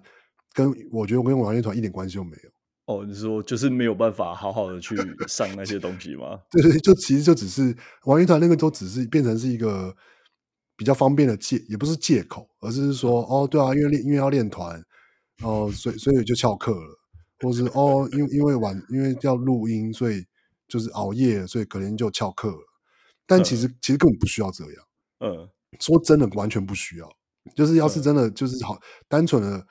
跟我覺得，我跟玩樂團一點關係都沒有。哦，你說就是沒有辦法好好的去上那些東西嗎？ 對，對，對就其實就只是玩樂團那個都只是變成是一個比較方便的借，也不是借口，而是說哦，對啊，因為練因為要練團，然、呃、所以所以就翹課了，或是哦，因為因為玩，因為要錄音，所以就是熬夜，所以可能就翹課了。但其實、嗯、其實根本不需要這樣。嗯，說真的，完全不需要。就是要是真的，就是好、嗯、單純的。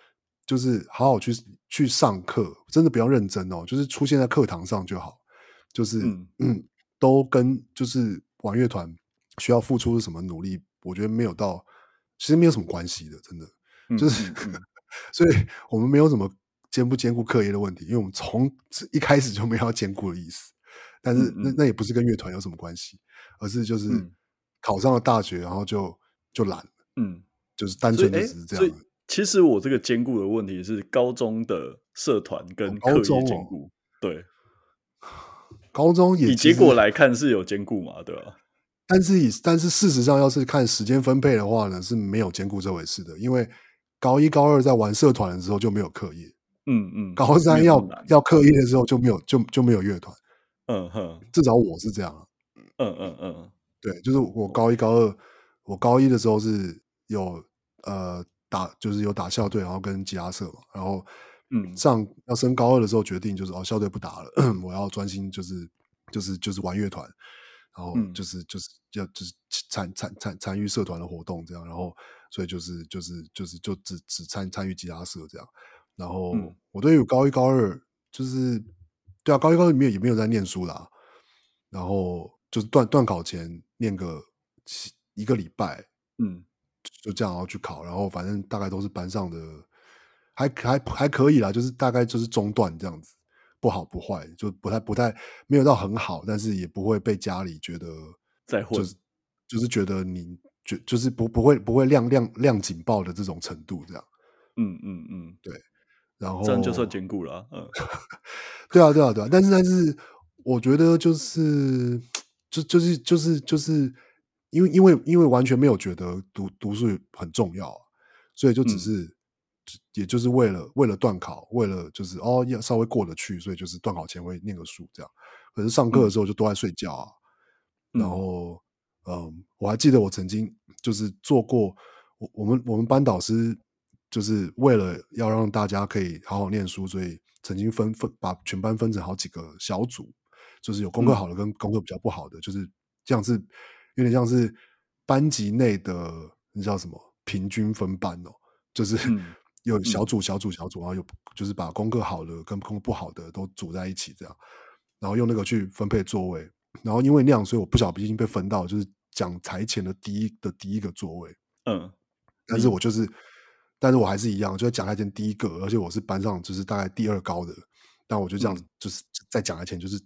就是好好去去上課，真的不要認真哦。就是出現在課堂上就好，就是嗯、嗯，都跟就是玩樂團需要付出什麼努力，我覺得沒有到，其實沒有什麼關係的，真的、嗯、就是，嗯嗯、 所以我們沒有什麼兼不兼顧課業的問題，因為我們從一開始就沒有要兼顧的意思。但是那、嗯、那也不是跟樂團有什麼關係，而是就是考上了大學，然後就就懶嗯，就是單純的以只是這樣的。欸其實我這個兼顧的問題是高中的社團跟課業兼顧，對、哦，高中以結果來看是有兼顧嘛，對吧？但是以但是事實上，要是看時間分配的話呢，是沒有兼顧這回事的。因為高一高二在玩社團的時候就沒有課業，嗯嗯，嗯，高三要要課業的時候就沒有就就沒有樂團，嗯哼，嗯，至少我是這樣嗯嗯嗯，嗯嗯，對，就是我高一高二，我高一的時候是有呃。打就是有打校隊，然後跟吉他社然後上，上、嗯、要升高二的時候決定就是哦，校隊不打了，我要專心就是就是就是玩樂團，然後就是、嗯、就是要就是參參參參與社團的活動這樣，然後所以就是就是就是就只只，只參參與吉他社這樣，然後、嗯、我對於高一高二就是對啊，高一高二沒有也沒有在念書啦，然後就是段，段考前念個一個禮拜，嗯。就這樣，然後去考，然後反正大概都是班上的，還還還可以啦，就是大概就是中段這樣子，不好不壞，就不太不太沒有到很好，但是也不會被家裡覺得會就是就是覺得你就就是不不會不會亮亮亮警報的這種程度這樣，嗯嗯嗯，嗯嗯對，然後這樣就算兼顧了、啊，嗯， 對，啊對啊對啊對啊，但是但是我覺得就是就就是就是就是。就是因為因為因為完全沒有覺得讀讀書很重要，所以就只是，嗯、也就是為了為了段考，為了就是哦要稍微過得去，所以就是段考前會念個書這樣。可是上課的時候就都在睡覺啊。嗯、然後嗯，我還記得我曾經就是做過，我我們我們班導師就是為了要讓大家可以好好念書，所以曾經分分把全班分成好幾個小組，就是有功課好的跟功課比較不好的，嗯、就是這樣子。有點像是班級內的那叫什麼平均分班哦，就是有小組、小組、小組、嗯，嗯、然後有就是把功課好的跟功課不好的都組在一起，這樣，然後用那個去分配座位。然後因為那樣，所以我不小心被分到就是講台前的第一的第一個座位。嗯，但是我就是，但是我還是一樣，就在講台前第一個，而且我是班上就是大概第二高的。但我就這樣子，就是在講台前，就是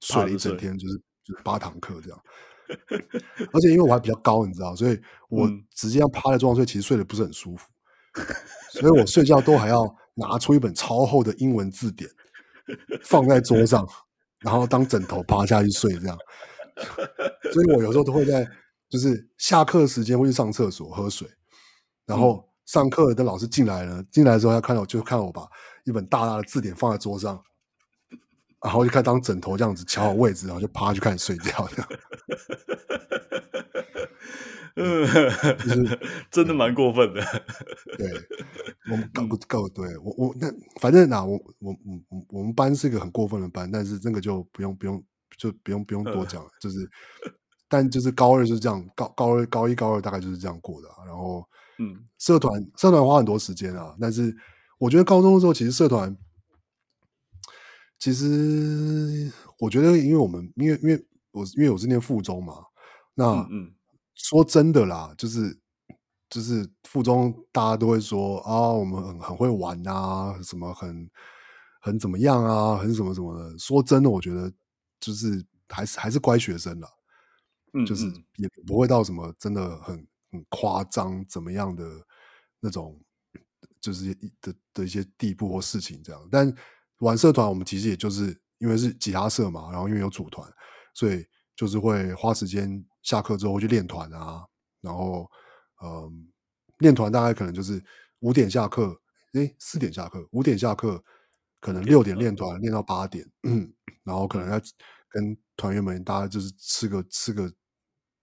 睡了一整天，嗯、就是就是八堂課這樣。嗯而且因為我還比較高，你知道，所以我直接要趴在桌上睡，嗯、其實睡得不是很舒服。所以我睡覺都還要拿出一本超厚的英文字典放在桌上，然後當枕頭趴下去睡這樣。所以我有時候都會在，就是下課時間會去上廁所喝水，然後上課的老師進來了，進來的時候他看到，就看我把一本大大的字典放在桌上。然後就看當枕頭這樣子，喬好位置，然後就趴下去開始睡覺。這樣 嗯，真的蠻過分的、 嗯。對，我們夠夠，對我我那反正啊，我我我我們班是一個很過分的班，但是這個就不用不用，就不用不用多講。 就是，但就是高二就是這樣，高高二高一高二大概就是這樣過的、啊。然後，嗯，社團 社團花很多時間啊，但是我覺得高中的時候其實社團。其實我覺得，因為我們因為因為我因為我是念附中嘛，那說真的啦，就是就是附中大家都會說啊，我們很很會玩啊，什麼很很怎麼樣啊，很什麼什麼的。說真的，我覺得就是還是還是乖學生啦，就是也不會到什麼真的很很誇張怎麼樣的那種，就是的的一些地步或事情這樣，但。玩社團，我們其實也就是因為是吉他社嘛，然後因為有組團，所以就是會花時間下課之後會去練團啊，然後嗯，呃、練團大概可能就是五點下課，欸、四點下課，五點下課，可能六點練團練到八點、嗯嗯，然後可能要跟團員們大家就是吃個吃個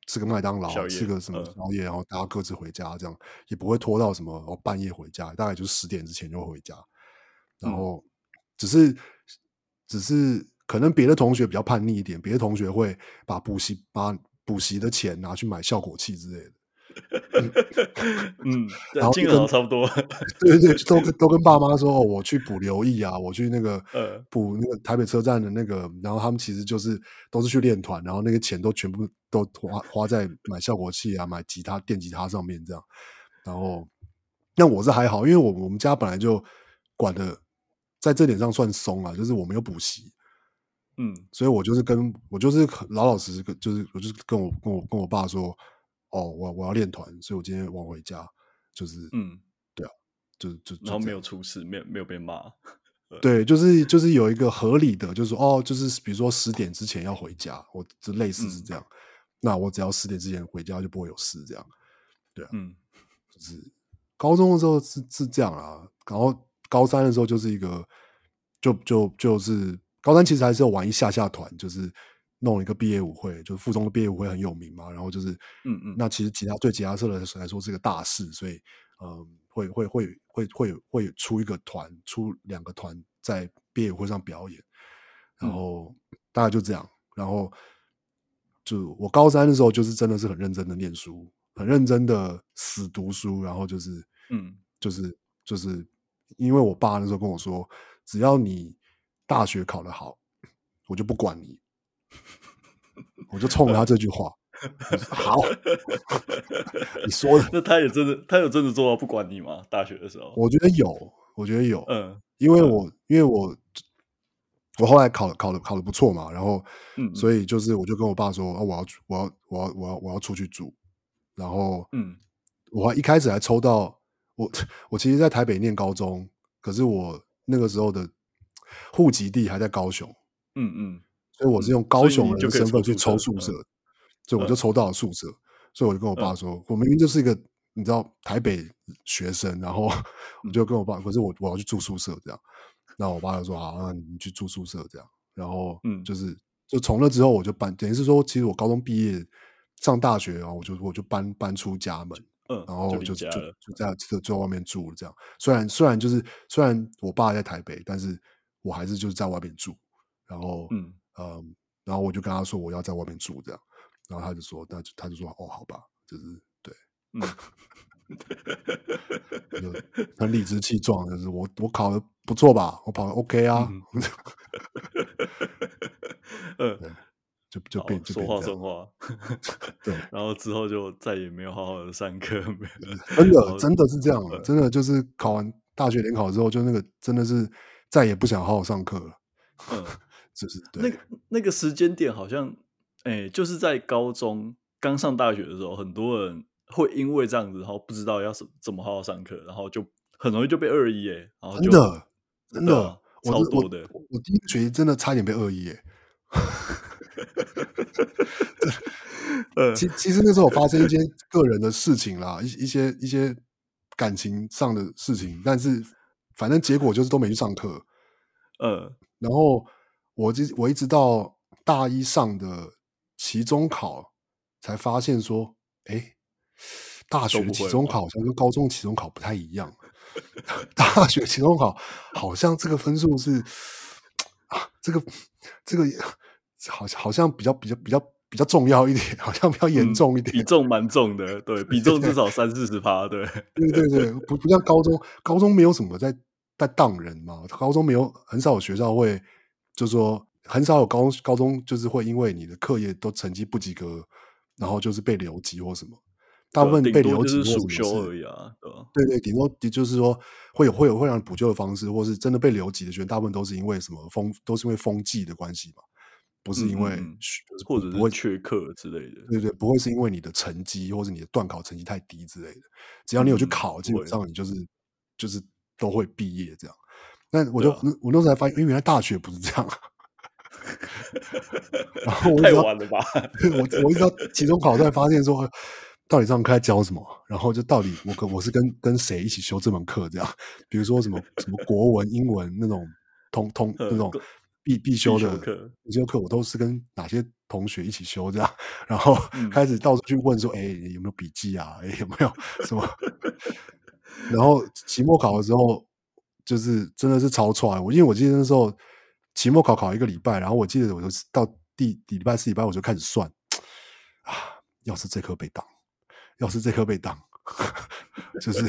吃個麥當勞，夜吃個什麼宵夜，然後大家各自回家，這樣、嗯、也不會拖到什麼，半夜回家，大概就是十點之前就回家，然後。嗯只是，只是可能別的同學比較叛逆一點，別的同學會把補習把補習的錢拿去買效果器之類的。 嗯， 然後金差不多。對，對對， 都都跟爸媽說，我去補劉毅啊，我去那個呃補那個台北車站的那個。然後他們其實就是都是去練團，然後那個錢都全部都花都花在買效果器啊，買吉他、電吉他上面這樣。然後，那我是還好，因為我我們家本來就管的。在這點上算鬆啊，就是我沒有補習，嗯，所以我就是跟我就是老老實實，就是我就是跟我跟我跟我爸說，哦，我我要練團，所以我今天晚回家，就是，嗯，對啊，就就，就然後沒有出事，沒有沒有被罵，對，對，就是就是有一個合理的，就是說，哦，就是比如說十點之前要回家，我就類似是這樣，嗯，那我只要十點之前回家就不會有事，這樣，對啊，嗯，就是高中的時候是是這樣啊，然後。高三的時候就是一個，就就就是高三其實還是有玩一下下團，就是弄一個畢業舞會，就是附中的畢業舞會很有名嘛，然後就是，嗯嗯，嗯，那其實吉他對吉他社的來說是一個大事，所以，嗯，會會會會會會出一個團，出兩個團在畢業舞會上表演，然後、嗯、大概就這樣，然後就我高三的時候就是真的是很認真的念書，很認真的死讀書，然後就是，嗯、就是，就是就是。因為我爸那時候跟我說，只要你大學考得好，我就不管你。 我就衝他這句話， 好， 你說的。那他也真的，他有真的做到不管你嗎？大學的時候，我覺得有，我覺得有。嗯，因為我、嗯、因為我我後來考考得考得不錯嘛，然後，嗯，所以就是我就跟我爸說，啊、我要我要我要我要我要，我要出去住，然後，嗯，我還一開始還抽到。我我其實，在台北念高中，可是我那個時候的戶籍地還在高雄。嗯嗯，嗯所以我是用高雄人的身份去抽宿舍，所以我就抽到了宿舍。所以我就跟我爸說，嗯、我明明就是一個你知道台北學生，然後我就跟我爸，嗯、可是我我要去住宿舍這樣。然後我爸就說：“好、嗯啊，你去住宿舍這樣。”然後嗯，就是就從那之後，我就搬，等於是說，其實我高中畢業上大學，然後我就我就搬搬出家門。嗯，然後就就就，就在就在外面住這樣，嗯、雖然雖然就是雖然我爸在台北，但是我還是就是在外面住，然後嗯，嗯然後我就跟他說我要在外面住這樣，然後他就說，那他，他就說哦，好吧，就是對，他理直氣壯，就是我我考的不錯吧，我考的 OK 啊，就就變說話算話，對，然後之後就再也沒有好好的上課，真的真的是這樣的，真的就是考完大學聯考之後，就那個真的是再也不想好好上課了，嗯，就是那個那個時間點，好像哎，就是在高中剛上大學的時候，很多人會因為這樣子，然後不知道要怎麼好好上課，然後就很容易就被二一哎，真的真的，我我我第一個學期真的差點被二一哎。其 其實那時候我發生一些個人的事情啦， 一，一些一些感情上的事情，但是反正結果就是都沒去上課。呃、嗯，然後我這我一直到大一上的期中考才發現說，誒、欸，大學期中考好像跟高中期中考不太一樣。 大學期中考好像這個分數是這個、啊、這個。這個好像好像比較比較比較比較重要一點，好像比較嚴重一點，嗯、比重蠻重的，對，比重至少三四十趴，對，對對對，不不像高中，高中沒有什麼在在當人嘛，高中沒有很少有學校會就是，就說很少有高高中就是會因為你的課業都成績不及格，然後就是被留級或什麼，大部分被留級暑修而已啊，對對、對、對，頂多也就是說會有會有會讓補救的方式，或是真的被留級的學生，大部分都是因為什麼風，都是因為風紀的關係嘛。不是因為、嗯、或者不會缺課之類的，對對，不會是因為你的成績或者你的段考成績太低之類的。只要你有去考，嗯、基本上你就是就是都會畢業這樣。那我就、啊、我那時候才發現，因為原來大學不是這樣。 然後我就說， 我我一直到期中考才發現說， 到底上課在教什麼？然後就到底我跟我是跟跟誰一起修這門課這樣？ 比如說什麼什麼國文、英文那種通通那種。必必修的必修課，修課我都是跟哪些同學一起修這樣，然後開始到處去問說：“哎、嗯，欸、有沒有筆記啊？欸、有沒有什麼？” 然後期末考的時候，就是真的是超挫。我因為我記得那時候期末考考一個禮拜，然後我記得我就到第禮拜四禮拜我就開始算，啊，要是這科被當，要是這科被當， 就是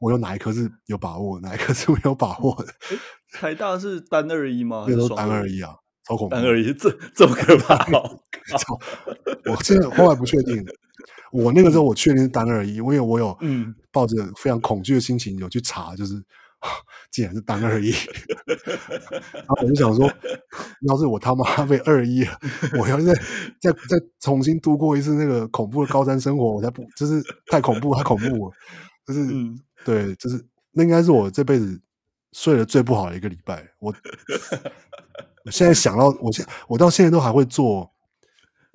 我有哪一科是有把握，哪一科是沒有把握的。嗯台大是單二一嗎？也是單二一啊，超恐怖！單二一，這這麼可怕嗎？我真的後來不確定，我那個時候我確定是單二一，嗯、因為我有抱着非常恐懼的心情有去查，就是竟然是單二一，嗯、然後我就想說，要是我他媽被二一了，我要再再再重新度過一次那個恐怖的高三生活，我才不，就是太恐怖，太恐怖了，就是、嗯、對，就是那應該是我這輩子。睡得最不好的一個禮拜，我我現在想到，我現在我到現在都還會做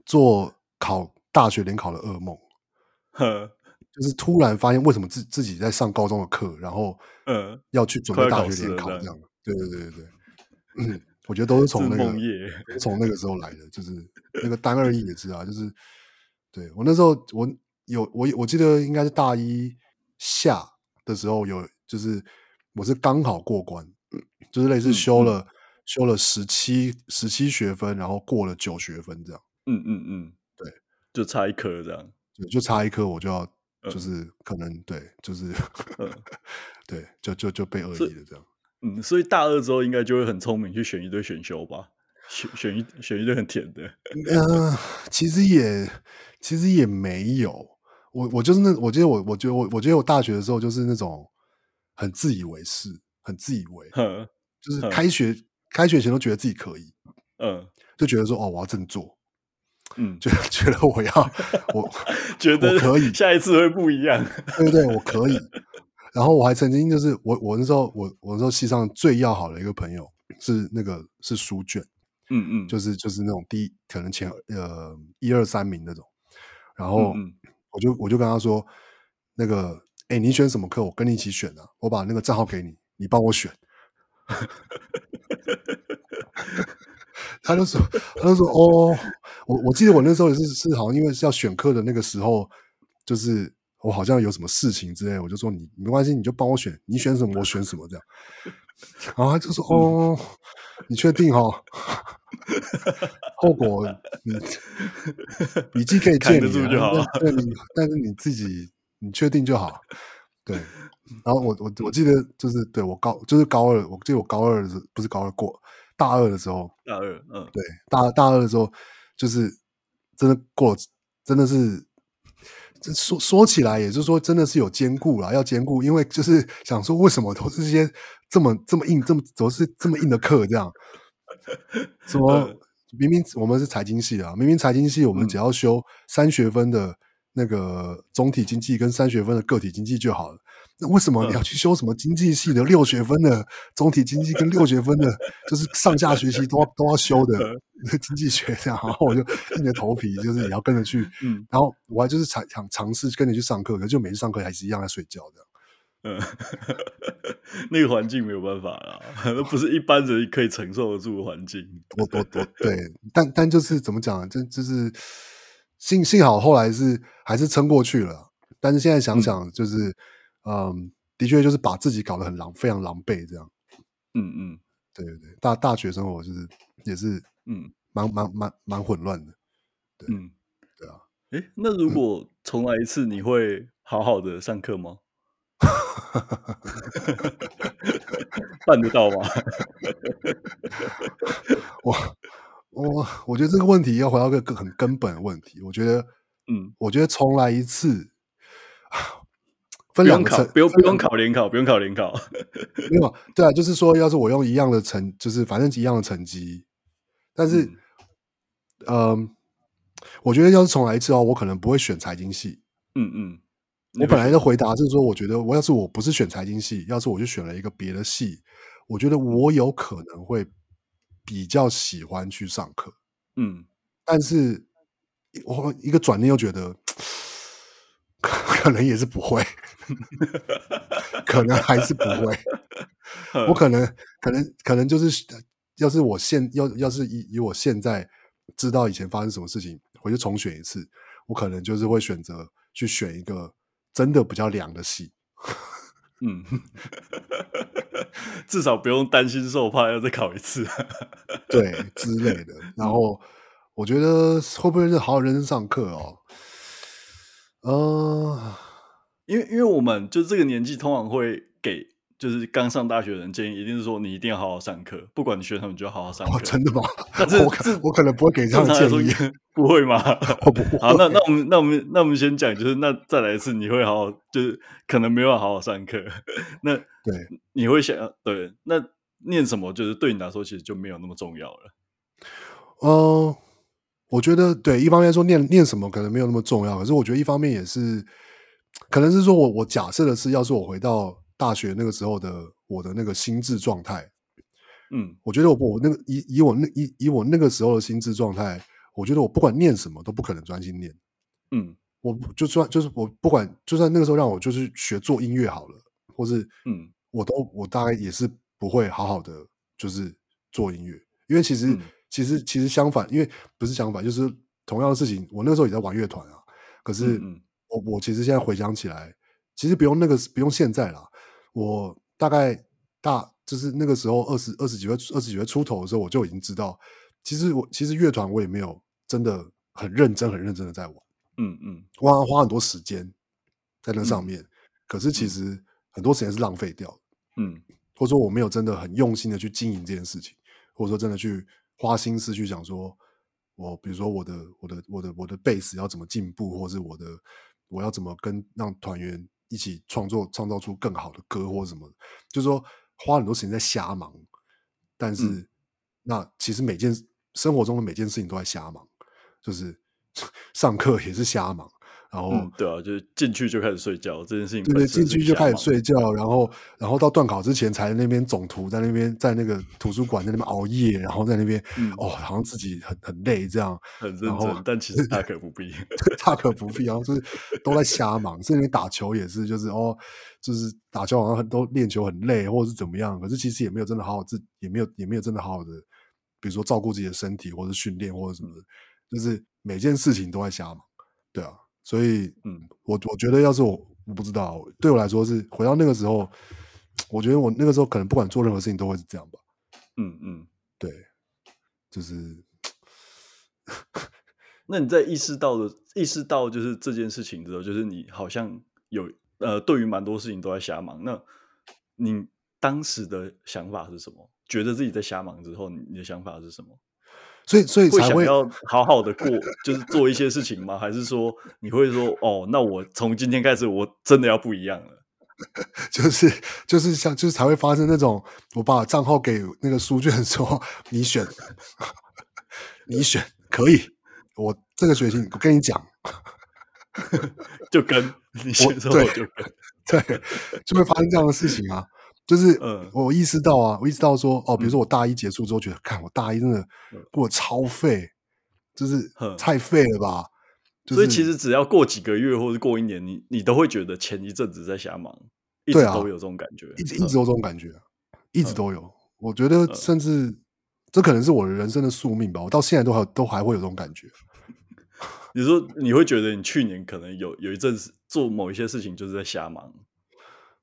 做考大學聯考的噩夢，呵就是突然發現為什麼自己自己在上高中的課，然後要去準備大學聯考這樣，嗯、對對對對對、嗯，我覺得都是從那個從那個時候來的，就是那個單二一也是啊，就是對我那時候我有我我記得應該是大一下的時候有就是。我是剛好過關，嗯、就是類似修了、嗯、修了十七十七學分，然後過了九學分這樣。嗯嗯嗯，嗯嗯對就就，就差一科這樣，就差一科我就要就是、嗯、可能對，就是、嗯、 對，就就就被惡意的這樣。嗯，所以大二之後應該就會很聰明去選一堆選修吧，選選一選一堆很甜的。 嗯，其實也其實也沒有，我我就是那，我覺得我我覺得我我覺得我大學的時候就是那種。很自以為是，很自以為，呵就是開學呵開學前都覺得自己可以，嗯、就覺得說哦，我要振作，嗯，就覺得我要 我覺得我可以，下一次會不一樣， 對不對，對？我可以。然後我還曾經就是我我那時候我我那時候系上最要好的一個朋友是那個是書卷，嗯嗯，就是就是那種第一可能前呃一二三名那種，然後我就嗯嗯我就跟他說那個。哎、欸，你選什麼課？我跟你一起選啊！我把那個賬號給你，你幫我選。 他就說，他就說，哦，我我記得我那時候也是是，好像因為是要選課的那個時候，就是我好像有什麼事情之類，我就說你沒關係，你就幫我選，你選什麼我選什麼這樣。然後他就說，嗯、哦，你確定齁？ 後果你你既可以借你，看得住就好，那你但是你自己。你確定就好，對。然後我我我記得就是對我高就是高二，我記得我高二不是高二過大二的時候，大二嗯，對，大大二的時候就是真的過，真的是這說說起來，也就是說真的是有兼顧了，要兼顧，因為就是想說，為什麼都是這些這麼這麼硬，這麼都是這麼硬的課，這樣什麼明明我們是財經系的，明明財經系我們只要修三學分的，那個總體經濟跟三學分的個體經濟就好了，那為什麼你要去修什麼經濟系的六學分的總體經濟跟六學分的，就是上下學期都要 都要修的經濟學這樣？然後我就硬着頭皮，就是也要跟着去。 嗯、然後我還就是想想嘗試跟你去上課，可是就每次上課還是一樣在睡覺這、嗯、那個環境沒有辦法啊，那 不是一般人可以承受得住的環境。我我我對，但但就是怎麼講啊？就就是。幸幸好後來是還是撐過去了，但是現在想想，就是，嗯，嗯，的確就是把自己搞得很狼，非常狼狽這樣。嗯嗯，嗯對對對，大大學生活就是也是蠻，嗯，蠻蠻蠻蠻混亂的。對，嗯，對啊。哎、欸，那如果重來一次，你會好好的上課嗎？ 辦得到嗎？ 我。我我覺得這個問題要回到一個很根本的問題。我覺得，嗯，我覺得重來一次，分兩考，不用不用考聯考，不用考聯考 ，沒有，對啊，就是說，要是我用一樣的成，就是反正是一樣的成績，但是，嗯，嗯，我覺得要是重來一次哦，我可能不會選財經系。嗯嗯，嗯我本來的回答是說，我覺得我要是我不是選財經系，錯要是我就選了一個別的系，我覺得我有可能會。比較喜歡去上課，嗯，但是我一個轉念又覺得，可能也是不會， 可能還是不會。 我可能，可能，可能就是，要是我現，要要是以以我現在知道以前發生什麼事情，我就重選一次。我可能就是會選擇去選一個真的比較涼的系，嗯。 至少不用擔心受怕要再考一次， 對之類的。然後 我覺得會不會是好好認真上課哦？嗯、呃，因為因為我們就這個年紀，通常會給。就是剛上大學的人建議，一定是說你一定要好好上課，不管你學什麼，你就要好好上課。哦、真的嗎？但是我可，我可能不會給這樣的建議，不會嗎？我不會。好，那那我們那我們那我們先講，就是那再來一次，你會好好，就是可能沒有好好上課。那對，你會想要對，對，那念什麼，就是對你來說其實就沒有那麼重要了。哦、呃，我覺得對，一方面說念念什麼可能沒有那麼重要，可是我覺得一方面也是，可能是說我我假設的是，要是我回到。大學那個時候的我的那個心智狀態，嗯，我覺得我我那個以以我那以以我那個時候的心智狀態，我覺得我不管念什麼都不可能專心念，嗯，我就算就是我不管就算那個時候讓我就是學做音樂好了，或是嗯，我都、嗯、我大概也是不會好好的就是做音樂，因為其實、嗯、其實其實相反，因為不是相反，就是同樣的事情，我那個時候也在玩樂團啊，可是我我其實現在回想起來，其實不用那個不用現在啦。我大概大，就是那個時候二十二十幾歲二十幾歲出頭的時候，我就已經知道，其實我其實樂團我也沒有真的很認真很認真的在玩，嗯嗯，花、嗯、花很多時間在那上面，嗯、可是其實很多時間是浪費掉，嗯，或者說我沒有真的很用心的去經營這件事情，或者說真的去花心思去想說，我比如說我的我的我的我的貝斯要怎麼進步，或者是我的我要怎麼跟讓團員。一起創作，創造出更好的歌或什麼，就是說花很多時間在瞎忙，但是、嗯、那其實每件生活中的每件事情都在瞎忙，就是上課也是瞎忙。然後、嗯、對啊，就是進去就開始睡覺這件事情是是。對對，進去就開始睡覺，然後然後到段考之前才在那邊總圖在那邊在那個圖書館在那邊熬夜，然後在那邊、嗯、哦，好像自己很很累這樣，很認真，然後但其實大可不必，大可不必啊， 對然後就是都在瞎忙。 甚至那邊打球也是，就是哦，就是打球好像都練球很累，或者是怎麼樣？可是其實也沒有真的好好自，也沒有也沒有真的好好的，比如說照顧自己的身體，或者訓練，或者什麼，的，嗯、就是每件事情都在瞎忙。對啊。所以，嗯，我我覺得要是我，我不知道，對我來說是回到那個時候，我覺得我那個時候可能不管做任何事情都會是這樣吧。嗯嗯，嗯對，就是。 那你在意識到的意識到就是這件事情之後，就是你好像有呃，對於蠻多事情都在瞎忙。那你當時的想法是什麼？覺得自己在瞎忙之後，你的想法是什麼？所以，所以才會要好好的過，就是做一些事情嗎？ 還是說，你會說，哦，那我從今天開始，我真的要不一樣了？就是，就是像，就是才會發生那種，我把賬號給那個書卷說，你選， 你選，可以，我這個學期我跟你講， 就跟你選之後我就跟，我對，就對，就會發生這樣的事情嗎？ 就是我意識到啊，嗯、我意識到說哦，比如說我大一結束之後，覺得看、嗯、我大一真的過超廢，嗯、就是太廢了吧。嗯就是、所以其實只要過幾個月或者過一年，你你都會覺得前一陣子在瞎忙，一直都有這種感覺，一直一直有這種感覺，一直都有。嗯、我覺得甚至、嗯、這可能是我的人生的宿命吧。我到現在都還都還會有這種感覺。你說你會覺得你去年可能有有一陣子做某一些事情就是在瞎忙。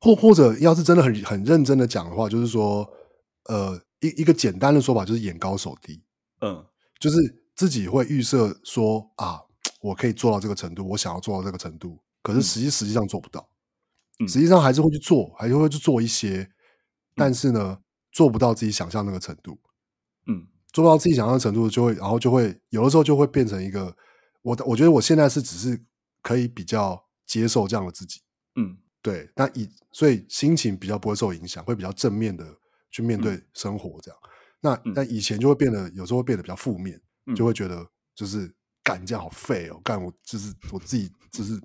或或者，要是真的很很認真的講的話，就是說，呃，一一個簡單的說法就是眼高手低，嗯，就是自己會預設說啊，我可以做到這個程度，我想要做到這個程度，可是實際實際上做不到，嗯、實際上還是會去做，還是會去做一些，嗯、但是呢，做不到自己想象那個程度，嗯，做不到自己想象的程度，就會然後就會有的時候就會變成一個，我我覺得我現在是只是可以比較接受這樣的自己，嗯。對，那以所以心情比較不會受影響，會比較正面的去面對生活這樣。嗯、那但以前就會變得，有時候會變得比較負面，嗯、就會覺得就是幹這樣好廢哦、喔，幹，我就是我自己就是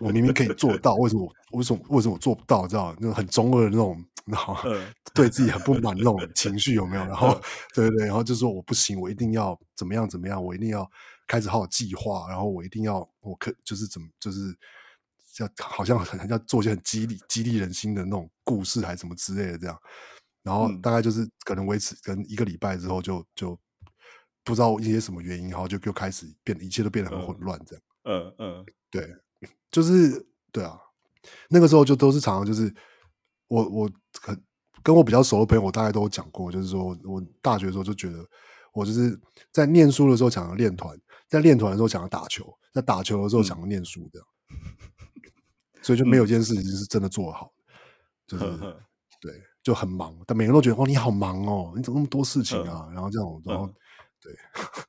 我明明可以做到， 為什麼我為什麼為什麼我做不到？知道那種很中二的那種，然後對自己很不滿那種情緒有沒有？然後、嗯、對對對，然後就說我不行，我一定要怎麼樣怎麼樣，我一定要開始好好計劃，然後我一定要我可就是怎麼就是。像好像很要做一些很激勵激勵人心的那種故事還是什麼之類的這樣，然後大概就是可能維持跟一個禮拜之後就就不知道一些什麼原因，然後就又開始變得一切都變得很混亂這樣。嗯嗯，嗯嗯對，就是對啊，那個時候就都是常常就是我我很跟我比較熟的朋友，我大概都有講過，就是說我大學的時候就覺得我就是在念書的時候想要練團，在練團的時候想要打球，在打球的時候想要念書這樣。嗯所以就沒有一件事情是真的做得好，嗯、就是呵呵對，就很忙，但每個人都覺得哇、哦，你好忙哦，你怎麼那麼多事情啊，嗯、然後這種，然後、嗯、對。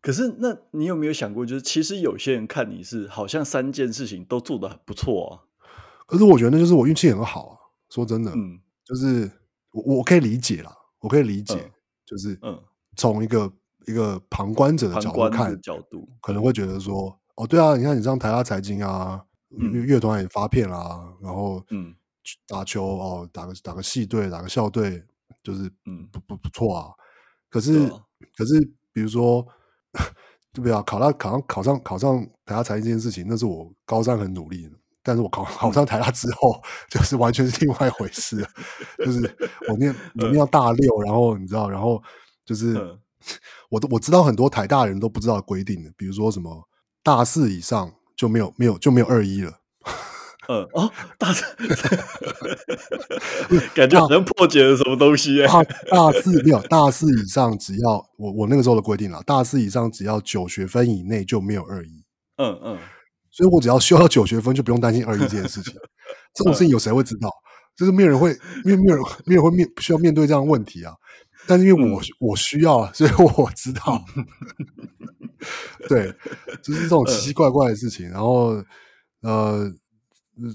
可是，那你有沒有想過，就是其實有些人看你是好像三件事情都做的很不錯啊。可是我覺得就是我運氣很好啊，說真的，嗯、就是我我可以理解啦，我可以理解，就是從一個、嗯、一個旁觀者的角度看，角度可能會覺得說。哦，對啊，你看你上台大財經啊，樂樂團也發片啦，啊，然後嗯，打球哦，打個打個系隊，打個校隊，就是嗯，不不不錯啊。可是，啊、可是，比如說對不對啊？考到考上考上考上台大財經這件事情，那是我高三很努力的。但是我考考上台大之後，嗯、就是完全是另外一回事， 就是我念我念到大六、嗯，然後你知道，然後就是、嗯、我我知道很多台大人都不知道規定的，比如說什麼。大四以上就沒有沒有就沒有二一了，嗯，嗯哦，大四 感覺好像破解了什麼東西、欸、大，大四沒有，大四以上只要我我那個時候的規定了，大四以上只要九學分以內就沒有二一，嗯嗯，所以我只要修到九學分就不用擔心二一這件事情，這種事情有誰會知道？就是沒有人會，沒有人沒人人會面需要面對這樣的問題啊。但是因為我、嗯、我需要，所以我知道。嗯 對，就是這種奇奇怪怪的事情。嗯、然後，呃，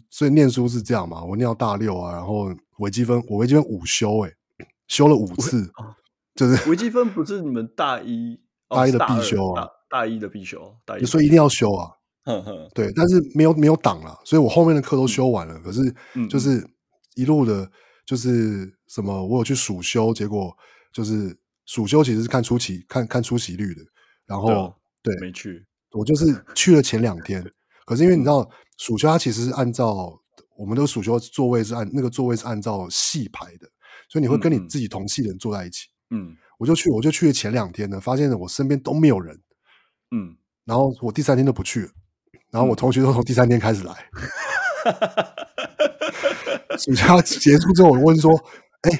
所以念書是這樣嘛？我念到大六啊，然後微積分，我微積分五修、欸，哎，修了五次，啊、就是微積分不是你們大一，哦、大一的必修啊，大、大、大一的必修，大一必修，所以一定要修啊。呵呵對，但是沒有沒有檔了，所以我後面的課都修完了。嗯、可是，就是一路的，就是什麼，我有去暑修，嗯嗯結果就是暑修其實是看出席，看看出席率的，然後、嗯啊。對，沒去。我就是去了前兩天，嗯、可是因為你知道，暑假、嗯、其實是按照我們的暑假座位是按那個座位是按照系排的，所以你會跟你自己同系的人坐在一起。嗯，我就去，我就去了前兩天呢，發現我身邊都沒有人。嗯，然後我第三天都不去了，然後我同學都從第三天開始來。暑假、嗯、 結束之後，我問說：“哎，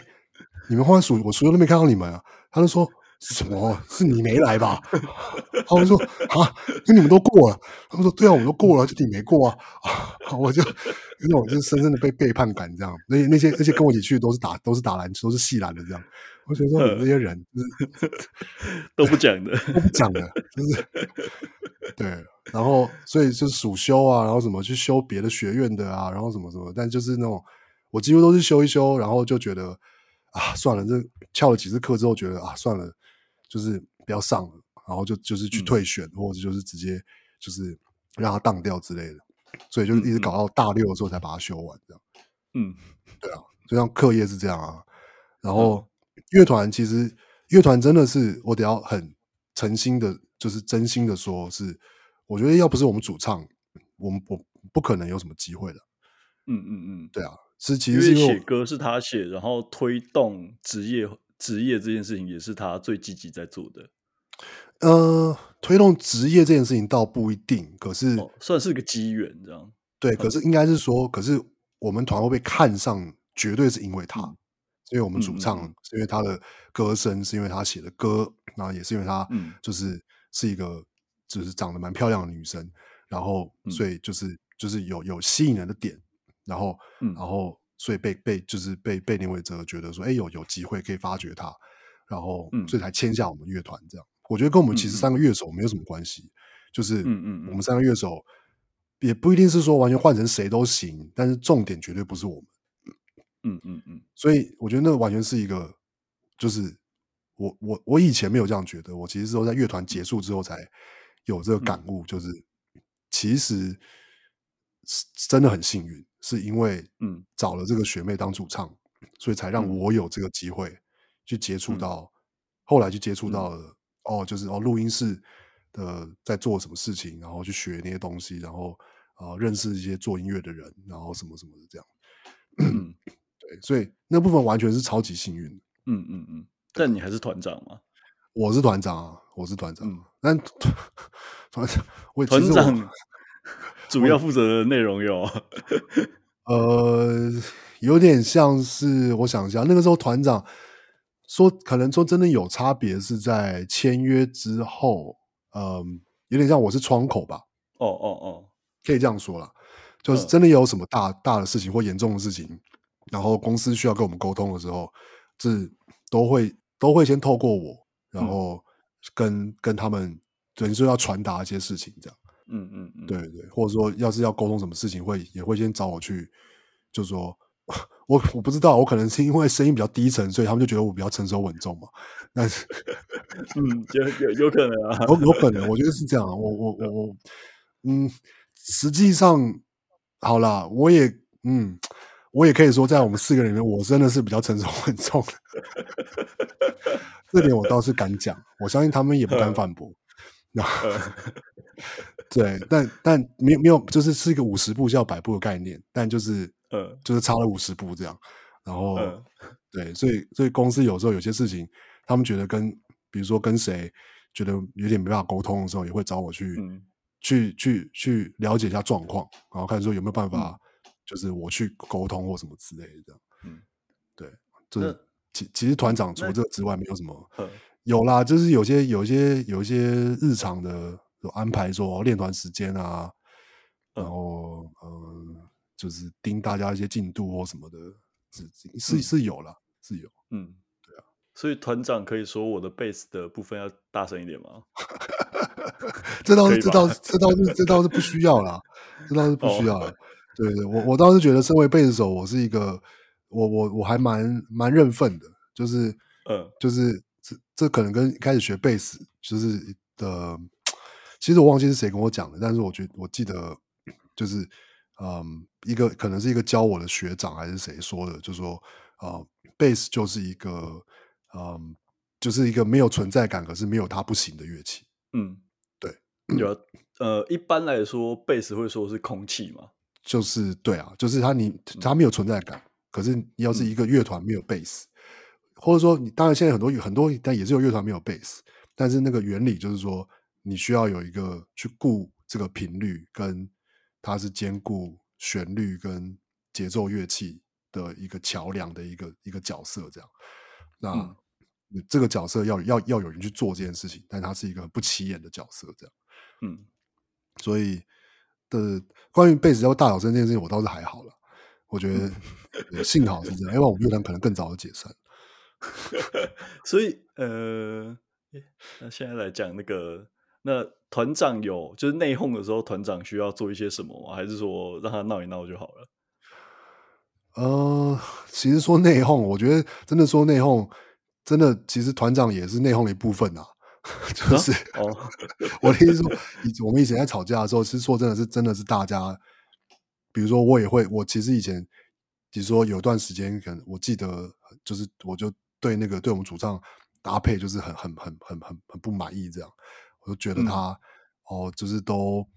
你們換暑，我暑假都沒看到你們啊。”他就說。是什麼？是你沒來吧？ 他們說啊，就你們都過了。他們說對啊，我們都過了，就你沒過啊。好、啊，我就那種就深深的被背叛感這樣。那些那些，那些跟我一起去都是打都是打籃球都是系籃的這樣。我覺得你們這些人呵、就是、都不講的，講的就是對。然後所以就是暑修啊，然後什麼去修別的學院的啊，然後什麼什麼，但就是那種我幾乎都是修一修，然後就覺得啊，算了，這翹了幾次課之後覺得啊，算了。就是不要上了，然後就就是去退選，嗯、或者就是直接就是讓他當掉之類的，所以就一直搞到大六的時候才把它修完，這樣。嗯，對啊，就像課業是這樣啊。然後樂團，其實樂團、嗯、真的是我得要很誠心的，就是真心的說的是，是我覺得要不是我們主唱，我們不不可能有什麼機會的。嗯嗯嗯，嗯嗯對啊，是，其實是，其實寫歌是他寫，然後推動職業。職業這件事情也是他最積極在做的，呃，推動職業這件事情倒不一定，可是、哦、算是個機緣這樣。對，可是應該是說，嗯、可是我們團會被看上，絕對是因為他，嗯、因為我們主唱，嗯、因為他的歌聲，是因為他寫的歌，然後也是因為他，就是、嗯、是一個，就是長得蠻漂亮的女生，然後所以就是、嗯、就是有有吸引人的點，然後，嗯、然後。所以被被就是被被那位哲學者覺得說，哎、欸，有有機會可以發掘他，然後所以才簽下我們樂團這樣。嗯、我覺得跟我們其實三個樂手沒有什麼關係，嗯、就是嗯嗯，我們三個樂手也不一定是說完全換成誰都行，但是重點絕對不是我們。嗯嗯嗯，嗯嗯所以我覺得那個完全是一個，就是我我我以前沒有這樣覺得，我其實是在樂團結束之後才有這個感悟，就是其實真的很幸運。是因為嗯找了這個學妹當主唱，嗯、所以才讓我有這個機會去接觸到，嗯、後來就接觸到了、嗯、哦，就是哦錄音室的在做什麼事情，然後去學那些東西，然後啊、呃、認識一些做音樂的人，然後什麼什麼的這樣的、嗯。 對，所以那部分完全是超級幸運的。嗯嗯嗯。但你還是團長嗎？我是團長啊，我是團長。嗯、但團，團長，我團長。 主要負責的內容有、 嗯，呃，有點像是我想一下，那個時候團長說，可能說真的有差別，是在簽約之後，嗯，有點像我是窗口吧。哦哦哦，哦哦可以這樣說啦，就是真的有什麼大大的事情或嚴重的事情，嗯、然後公司需要跟我們溝通的時候，是都會都會先透過我，然後跟、嗯、跟他們，等於說要傳達一些事情這樣。嗯嗯嗯，對對，或者說，要是要溝通什麼事情會，會也會先找我去，就說，我我不知道，我可能是因為聲音比較低沉，所以他們就覺得我比較成熟穩重嘛。但是，嗯，有有有可能啊有，有可能。我覺得是這樣。我我我我，嗯，實際上，好了，我也嗯，我也可以說，在我們四個人裡面，我真的是比較成熟穩重的， 這點我倒是敢講，我相信他們也不敢反駁。呵 對，但但沒有沒有，就是是一個五十步笑百步的概念，但就是呃，就是差了五十步這樣。然後、呃、對，所以所以公司有時候有些事情，他們覺得跟比如說跟誰覺得有點沒辦法溝通的時候，也會找我去、嗯、去去去了解一下狀況，然後看說有沒有辦法，嗯、就是我去溝通或什麼之類的這樣。嗯，對，就是、嗯、其其實團長除這個之外沒有什麼，有啦，就是有些有些有一些日常的。有安排說練團時間啊，然後嗯、呃，就是盯大家一些進度或什麼的，是是，是有了，是有，嗯，對啊，所以團長可以說我的貝斯的部分要大聲一點嗎？這倒是，這倒是，這倒是，這倒是不需要啦。 這倒是不需要啦。Oh. 對，我我倒是覺得身為貝斯手，我是一個，我我我還蠻蠻認分的，就是，嗯，就是這這可能跟一開始學貝斯就是的。其實我忘記是誰跟我講的，但是我覺得我記得就是，嗯，一個可能是一個教我的學長還是誰說的，就說，呃，貝斯就是一個，嗯、呃，就是一個沒有存在感，可是沒有它不行的樂器。嗯，對。有、啊、呃，一般來說，貝斯會說是空氣嘛，就是對啊，就是它你它沒有存在感，嗯、可是你要是一個樂團沒有貝斯、嗯，或者說當然現在很多很多，但也是有樂團沒有貝斯，但是那個原理就是說。你需要有一個去顧這個頻率，跟它是兼顧旋律跟節奏樂器的一個橋樑的一個一個角色，這樣。那、嗯、這個角色要要要有人去做這件事情，但它是一個很不起眼的角色，這樣。嗯，所以的關於貝斯要大小聲這件事情，我倒是還好了，我覺得、嗯、幸好是這樣， 因為我們樂團可能更早就解散。 所以呃，那現在來講那個。那團長有就是內訌的時候，團長需要做一些什麼嗎？還是說讓他鬧一鬧就好了？呃，其實說內訌，我覺得真的說內訌，真的其實團長也是內訌的一部分啊。就是，啊哦、 我聽說 我們以前在吵架的時候，其實說真的是真的是大家，比如說我也會，我其實以前，比如說有段時間，可能我記得就是我就對那個對我們主唱搭配就是很很很很很很不滿意這樣。我就覺得他，嗯、哦，就是都，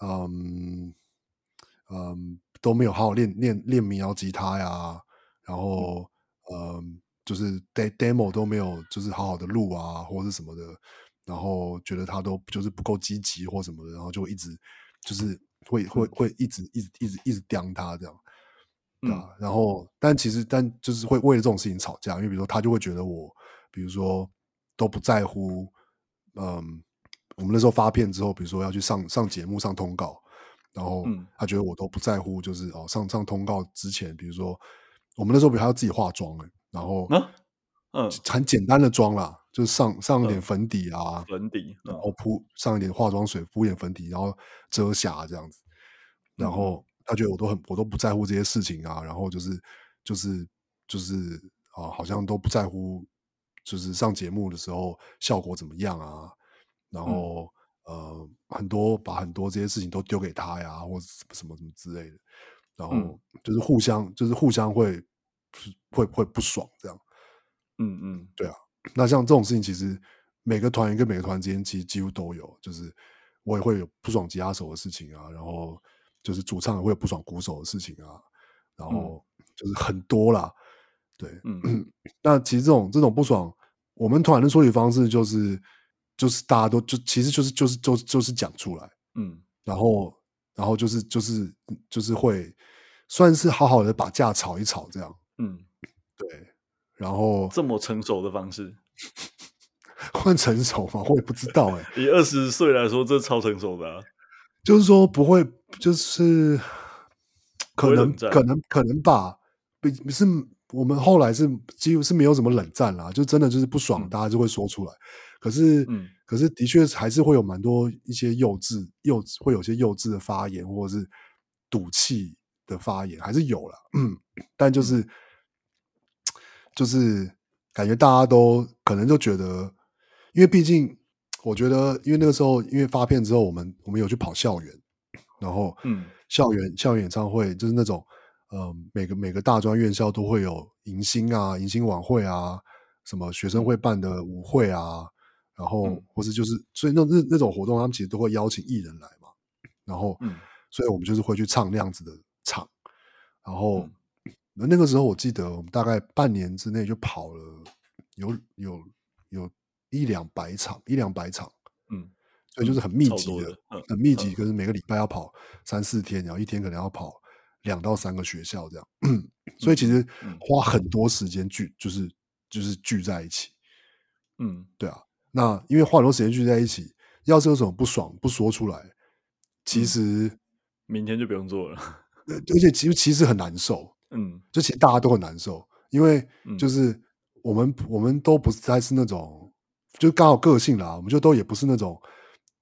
嗯嗯，都沒有好好練練練民謠吉他呀，然後嗯，嗯，就是 de demo 都沒有，就是好好的錄啊，或者是什麼的，然後覺得他都就是不夠積極或什麼的，然後就一直就是會、嗯、會會一直一直一直一直盯他這樣，對啊，嗯、然後但其實但就是會為了這種事情吵架，因為比如說他就會覺得我，比如說都不在乎，嗯。我們那時候發片之後，比如說要去上上節目、上通告，然後他覺得我都不在乎，就是哦，上上通告之前，比如說我們那時候比如他要自己化妝、欸、然後嗯，嗯很簡單的妝啦，就是上上一點粉底啊，嗯、粉底，嗯、然後鋪上一點化妝水，敷一點粉底，然後遮瑕這樣子。然後他覺得我都很、嗯、我都不在乎這些事情啊，然後就是就是就是啊、哦，好像都不在乎，就是上節目的時候效果怎麼樣啊。然後，嗯、呃，很多把很多這些事情都丟給他呀，或者什麼什麼之類的。然後就是互相，嗯、就是互相會會會不爽這樣。嗯嗯，嗯對啊。那像這種事情，其實每個團員跟每個團員之間其實幾乎都有，就是我也會有不爽吉他手的事情啊。然後就是主唱也會有不爽鼓手的事情啊。然後就是很多啦。嗯、對。嗯， 那其實這種這種不爽，我們團的處理方式就是。就是大家都就其實就是就是就是就是講出來，嗯，然後然後就是就是就是會算是好好的把架吵一吵這樣，嗯，對，然後這麼成熟的方式，換 成熟嗎？我也不知道哎、欸。以二十歲來說，這超成熟的。啊，就是說不會，就是可能可能可能吧，是，我們後來是幾乎是沒有什麼冷戰啦，就真的就是不爽，嗯、大家就會說出來。可是，可是的確還是會有蠻多一些幼稚、幼稚會有些幼稚的發言，或者是賭氣的發言，還是有啦，嗯。但就是，嗯、就是感覺大家都可能就覺得，因為畢竟，我覺得，因為那個時候，因為發片之後，我們我們有去跑校園，然後，嗯，校園校園演唱會就是那種，嗯，每個每個大專院校都會有迎新啊、迎新晚會啊，什麼學生會辦的舞會啊。嗯。然後，或是就是，所以那那那種活動，他們其實都會邀請藝人來嘛。然後，所以我們就是會去唱那樣子的場。然後，那個時候我記得，我們大概半年之內就跑了有有有一兩百場，一兩百場。嗯，所以就是很密集的，很密集，可是每個禮拜要跑三四天，然後一天可能要跑兩到三個學校這樣。所以其實花很多時間聚，就是就是聚在一起。嗯，對啊。那因為花很多時間聚在一起，要是有什麼不爽不說出來，其實、嗯、明天就不用做了。而且其實其實很難受，嗯，就其實大家都很難受，因為就是我們、嗯、我們都不再是那種，就剛好個性啦，我們就都也不是那種，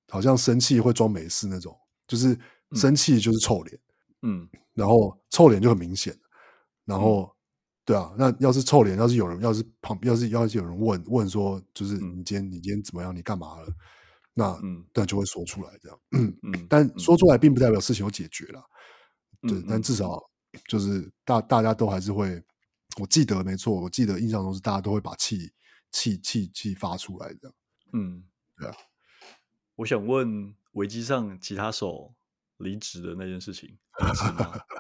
好像生氣會裝沒事那種，就是生氣就是臭臉，嗯，然後臭臉就很明顯，然後、嗯。對啊，那要是臭臉，要是有人，要是旁，要是要是有人問問說，就是你今天、嗯、你今天怎麼樣，你幹嘛了？那嗯，但就會說出來這樣。嗯嗯，嗯但說出來並不代表事情有解決了。嗯，對嗯，但至少就是大大家都還是會，嗯、我記得沒錯，我記得印象中是大家都會把氣氣氣氣發出來的。嗯，對啊。我想問維基上吉他手離職的那件事情，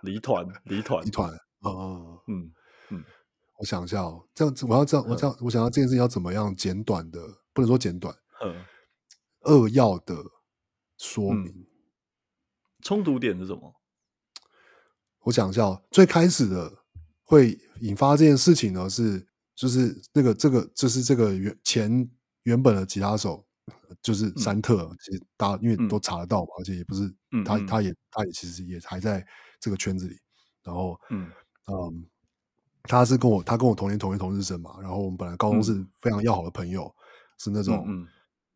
離團離團離團哦。嗯嗯我想一下哦，這樣子，我要這樣，嗯、我這樣，我想要這件事情要怎麼樣簡短的，不能說簡短，嗯，扼要的說明，嗯。衝突點是什麼？我想一下哦，最開始的會引發這件事情呢，是就是那個這個就是這個原前原本的吉他手，就是山特，嗯、其實大家因為都查得到嘛，嗯、而且也不是，嗯、他他也他也其實也還在這個圈子裡，然後，嗯，嗯。他是跟我，他跟我同年同月同日生嘛，然後我們本來高中是非常要好的朋友，嗯、是那種，嗯、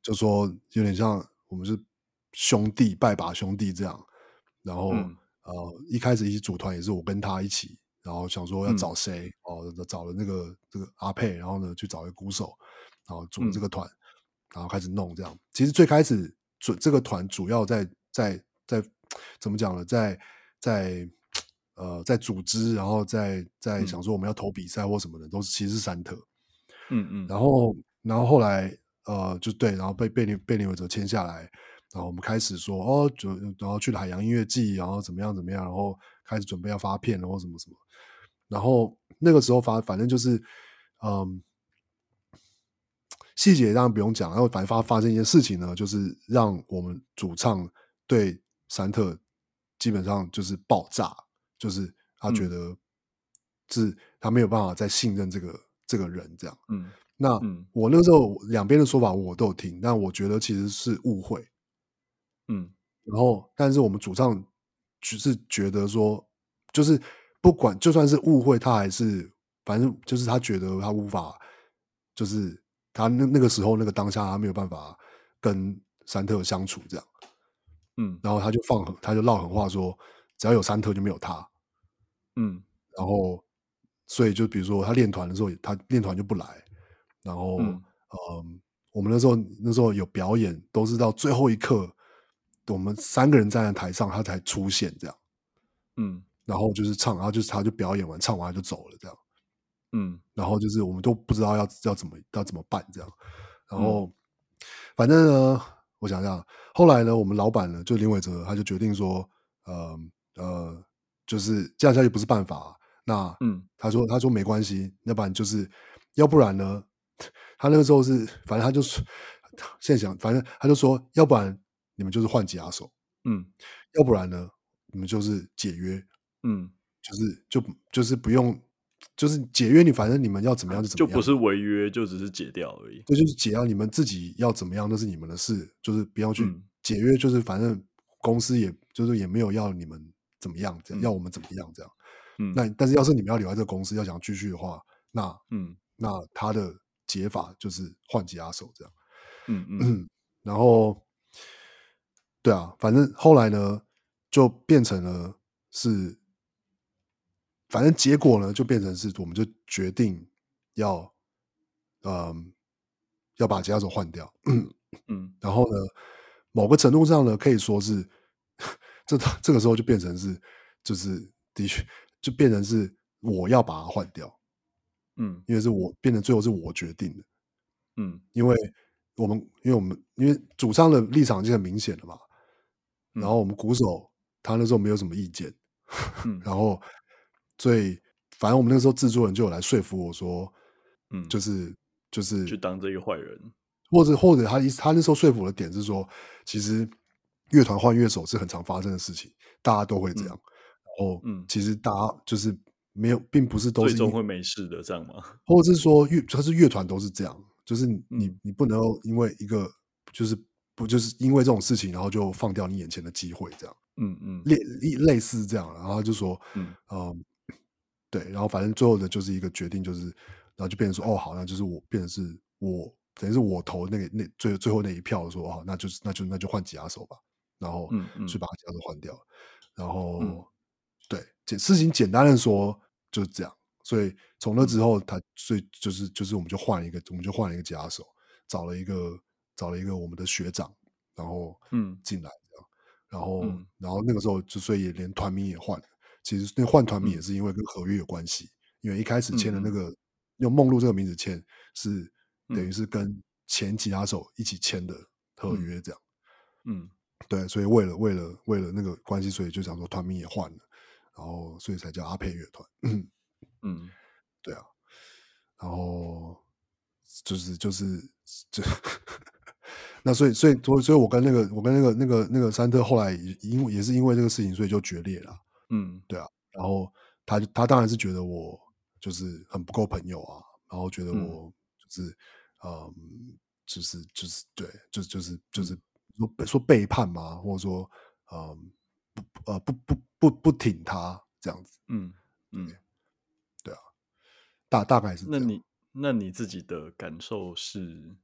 就說有點像我們是兄弟，拜把兄弟這樣。然後、嗯、呃，一開始一起組團也是我跟他一起，然後想說要找誰哦，嗯、找了那個這個阿佩，然後呢去找一個鼓手，然後組了這個團，嗯、然後開始弄這樣。其實最開始主這個團主要在在在怎麼講呢，在在。呃，在組織，然後在在想說我們要投比賽或什麼的，嗯、都是其實是三特，嗯嗯，然後然後後來呃就對，然後被被林被林偉哲簽下來，然後我們開始說哦，就然後去了海洋音樂祭，然後怎麼樣怎麼樣，然後開始準備要發片了或什麼什麼，然後那個時候發，反正就是嗯，細節當然不用講，然後反正發發生一件事情呢，就是讓我們主唱對三特基本上就是爆炸。就是他覺得是他沒有辦法再信任這個、嗯、這個人，這樣。嗯，那我那個時候兩邊的說法我都有聽，嗯、但我覺得其實是誤會。嗯，然後但是我們主唱只是覺得說，就是不管就算是誤會，他還是反正就是他覺得他無法，就是他那那個時候那個當下他沒有辦法跟山特相處，這樣。嗯，然後他就放狠，他就撂狠話說。只要有三特就沒有他，嗯，然後，所以就比如說他練團的時候，他練團就不來，然後，嗯，嗯，我們那時候那時候有表演，都是到最後一刻，我們三個人站在台上，他才出現這樣，嗯，然後就是唱，然後就是他就表演完唱完就走了這樣，嗯，然後就是我們都不知道要要怎麼要怎麼辦這樣，然後，嗯、反正呢，我想想，後來呢，我們老板呢，就林偉哲他就決定說，嗯。呃，就是這樣下去不是辦法，啊。那，嗯，他說，嗯、他說沒關係，要不然就是，要不然呢？他那個時候是，反正他就現在想，反正他就說，要不然你們就是換吉他手，嗯，要不然呢，你們就是解約，嗯，就是就就是不用，就是解約你，反正你們要怎麼樣就怎麼樣，就不是違約，就只是解掉而已。這就，就是解掉，你們自己要怎麼樣那是你們的事，就是不要去、嗯、解約，就是反正公司也就是也沒有要你們。怎麼樣，樣？要我們怎麼樣？這樣，嗯、那但是要是你們要留在這個公司，嗯、要想繼續的話，那嗯，那他的解法就是換吉他手這樣、嗯嗯嗯，然後，對啊，反正後來呢，就變成了是，反正結果呢，就變成是，我們就決定要，嗯、呃，要把吉他手換掉，嗯嗯、然後呢，某個程度上呢，可以說是。這這個時候就變成是，就是的確，就變成是我要把它換掉，嗯，因為是我變成最後是我決定的，嗯，因，因為我們因為我們因為主唱的立場已經很明顯了嘛，嗯、然後我們鼓手他那時候沒有什麼意見，嗯， 然後所以反正我們那時候製作人就有來說服我說，嗯、就是，就是就是去當這個壞人，或者或者他一他那時候說服的點是說其實。樂團換樂手是很常發生的事情，大家都會這樣。嗯、然後，嗯，其實大家就是沒有，並不是都是因為最終會沒事的，這樣嗎？或者是說樂，他是樂團都是這樣，就是你、嗯、你不能因為一個就是不就是因為這種事情，然後就放掉你眼前的機會，這樣？嗯嗯，嗯類類類似這樣。然後就說，嗯嗯，對，然後反正最後的就是一個決定，就是然後就變成說，哦好，那就是我變成是我，等於是我投那個那最最後那一票的時候，說哦，那就是那就那就，那就換吉他手吧。然後去把吉他手換掉，嗯，嗯、然後對，事情簡單的說就是這樣，所以從那之後他，他所以就是就是我們就換了一個，我們就換了一個吉他手，找了一個找了一個我們的學長，然後嗯進來這樣，嗯、然後、嗯、然後那個時候就所以連團名也換了，其實那換團名也是因為跟合約有關係，嗯、因為一開始簽的那個、嗯、用夢露這個名字簽是等於是跟前吉他手一起簽的合約這樣，嗯。嗯嗯對，所以為了為了為了那個關係，所以就講說團名也換了，然後所以才叫阿佩樂團。嗯，嗯對啊，然後就是就是這，就 那所以所以所所以我跟那個我跟那個那個那個山特後來也因為也是因為這個事情，所以就決裂了啊。嗯，對啊，然後他他當然是覺得我就是很不夠朋友啊，然後覺得我就是嗯，嗯，就是就是對，就就是就是。嗯說說背叛嗎？或者說，嗯、呃，不，呃，不，不，不，不挺他這樣子。嗯嗯，嗯，對啊，大大概是這樣。那你那你自己的感受是？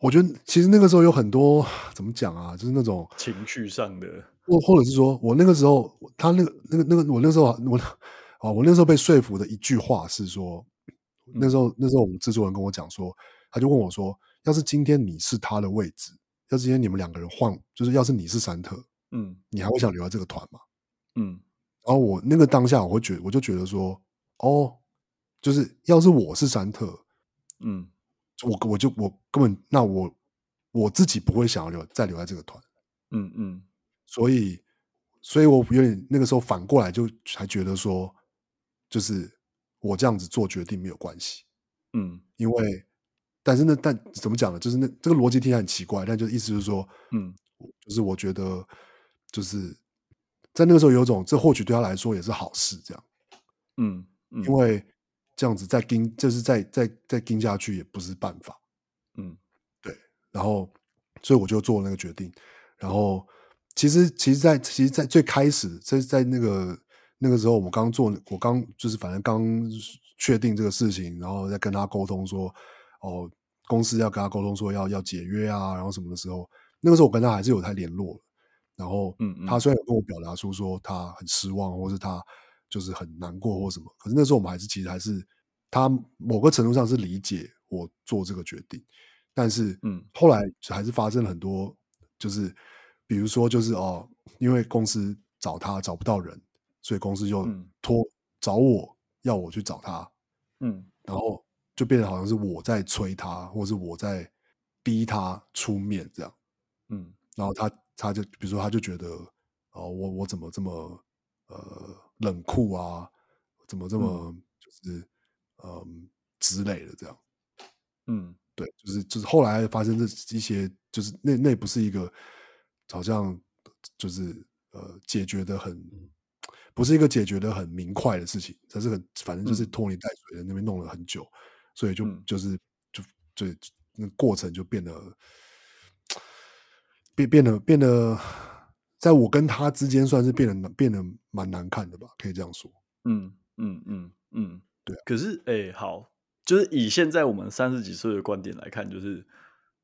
我覺得其實那個時候有很多怎麼講啊，就是那種情緒上的，或或者是說我那個時候，他那個那個那個，我那個時候我哦、啊，我那個時候被說服的一句話是說，那時候那時候我們制作人跟我講說，他就問我說，要是今天你是他的位置。要是今天你們兩個人換，就是要是你是山特，嗯，你還會想留在這個團嗎？嗯，然後我那個當下我會覺，我就覺得說，哦，就是要是我是山特，嗯，我我就我根本那我我自己不會想要留再留在這個團，嗯嗯所，所以所以我有點那個時候反過來就才覺得說，就是我這樣子做決定沒有關係，嗯，因為。但是那但怎麼講呢？就是那這個邏輯聽起來很奇怪，但就意思就是說，嗯，就是我覺得，就是在那個時候有種，這或許對他來說也是好事，這樣，嗯，嗯，因為這樣子再跟，就是再再再跟下去也不是辦法，嗯，對，然後所以我就做了那個決定，然後其實其實，在其實在，其實在最開始，在在那個那個時候，我剛做，我剛就是反正剛確定這個事情，然後再跟他溝通說，哦。公司要跟他溝通說要要解約啊，然後什麼的時候，那個時候我跟他還是有在聯絡了。然後，嗯，他雖然有跟我表達出說他很失望，或是他就是很難過或什麼，可是那時候我們還是其實還是他某個程度上是理解我做這個決定。但是，嗯，後來還是發生了很多，就是比如說就是哦、呃，因為公司找他找不到人，所以公司就拖，嗯、找我要我去找他，嗯，然後。就變得好像是我在催他，或者是我在逼他出面這樣，嗯，然後他他就比如說他就覺得啊、哦、我我怎麼這麼呃冷酷啊，怎麼這麼就是嗯之類、嗯、的這樣，嗯，對，就是就是後來發生這一些，就是那那不是一個好像就是呃解決的很，不是一個解決的很明快的事情，但是很反正就是拖泥帶水的那邊弄了很久。嗯所以就就是就就，就那過程就變得變變得變得，在我跟他之間算是變得變得蠻難看的吧，可以這樣說。嗯嗯嗯嗯，嗯嗯嗯對、啊。可是哎、欸，好，就是以現在我們三十幾歲的觀點來看，就是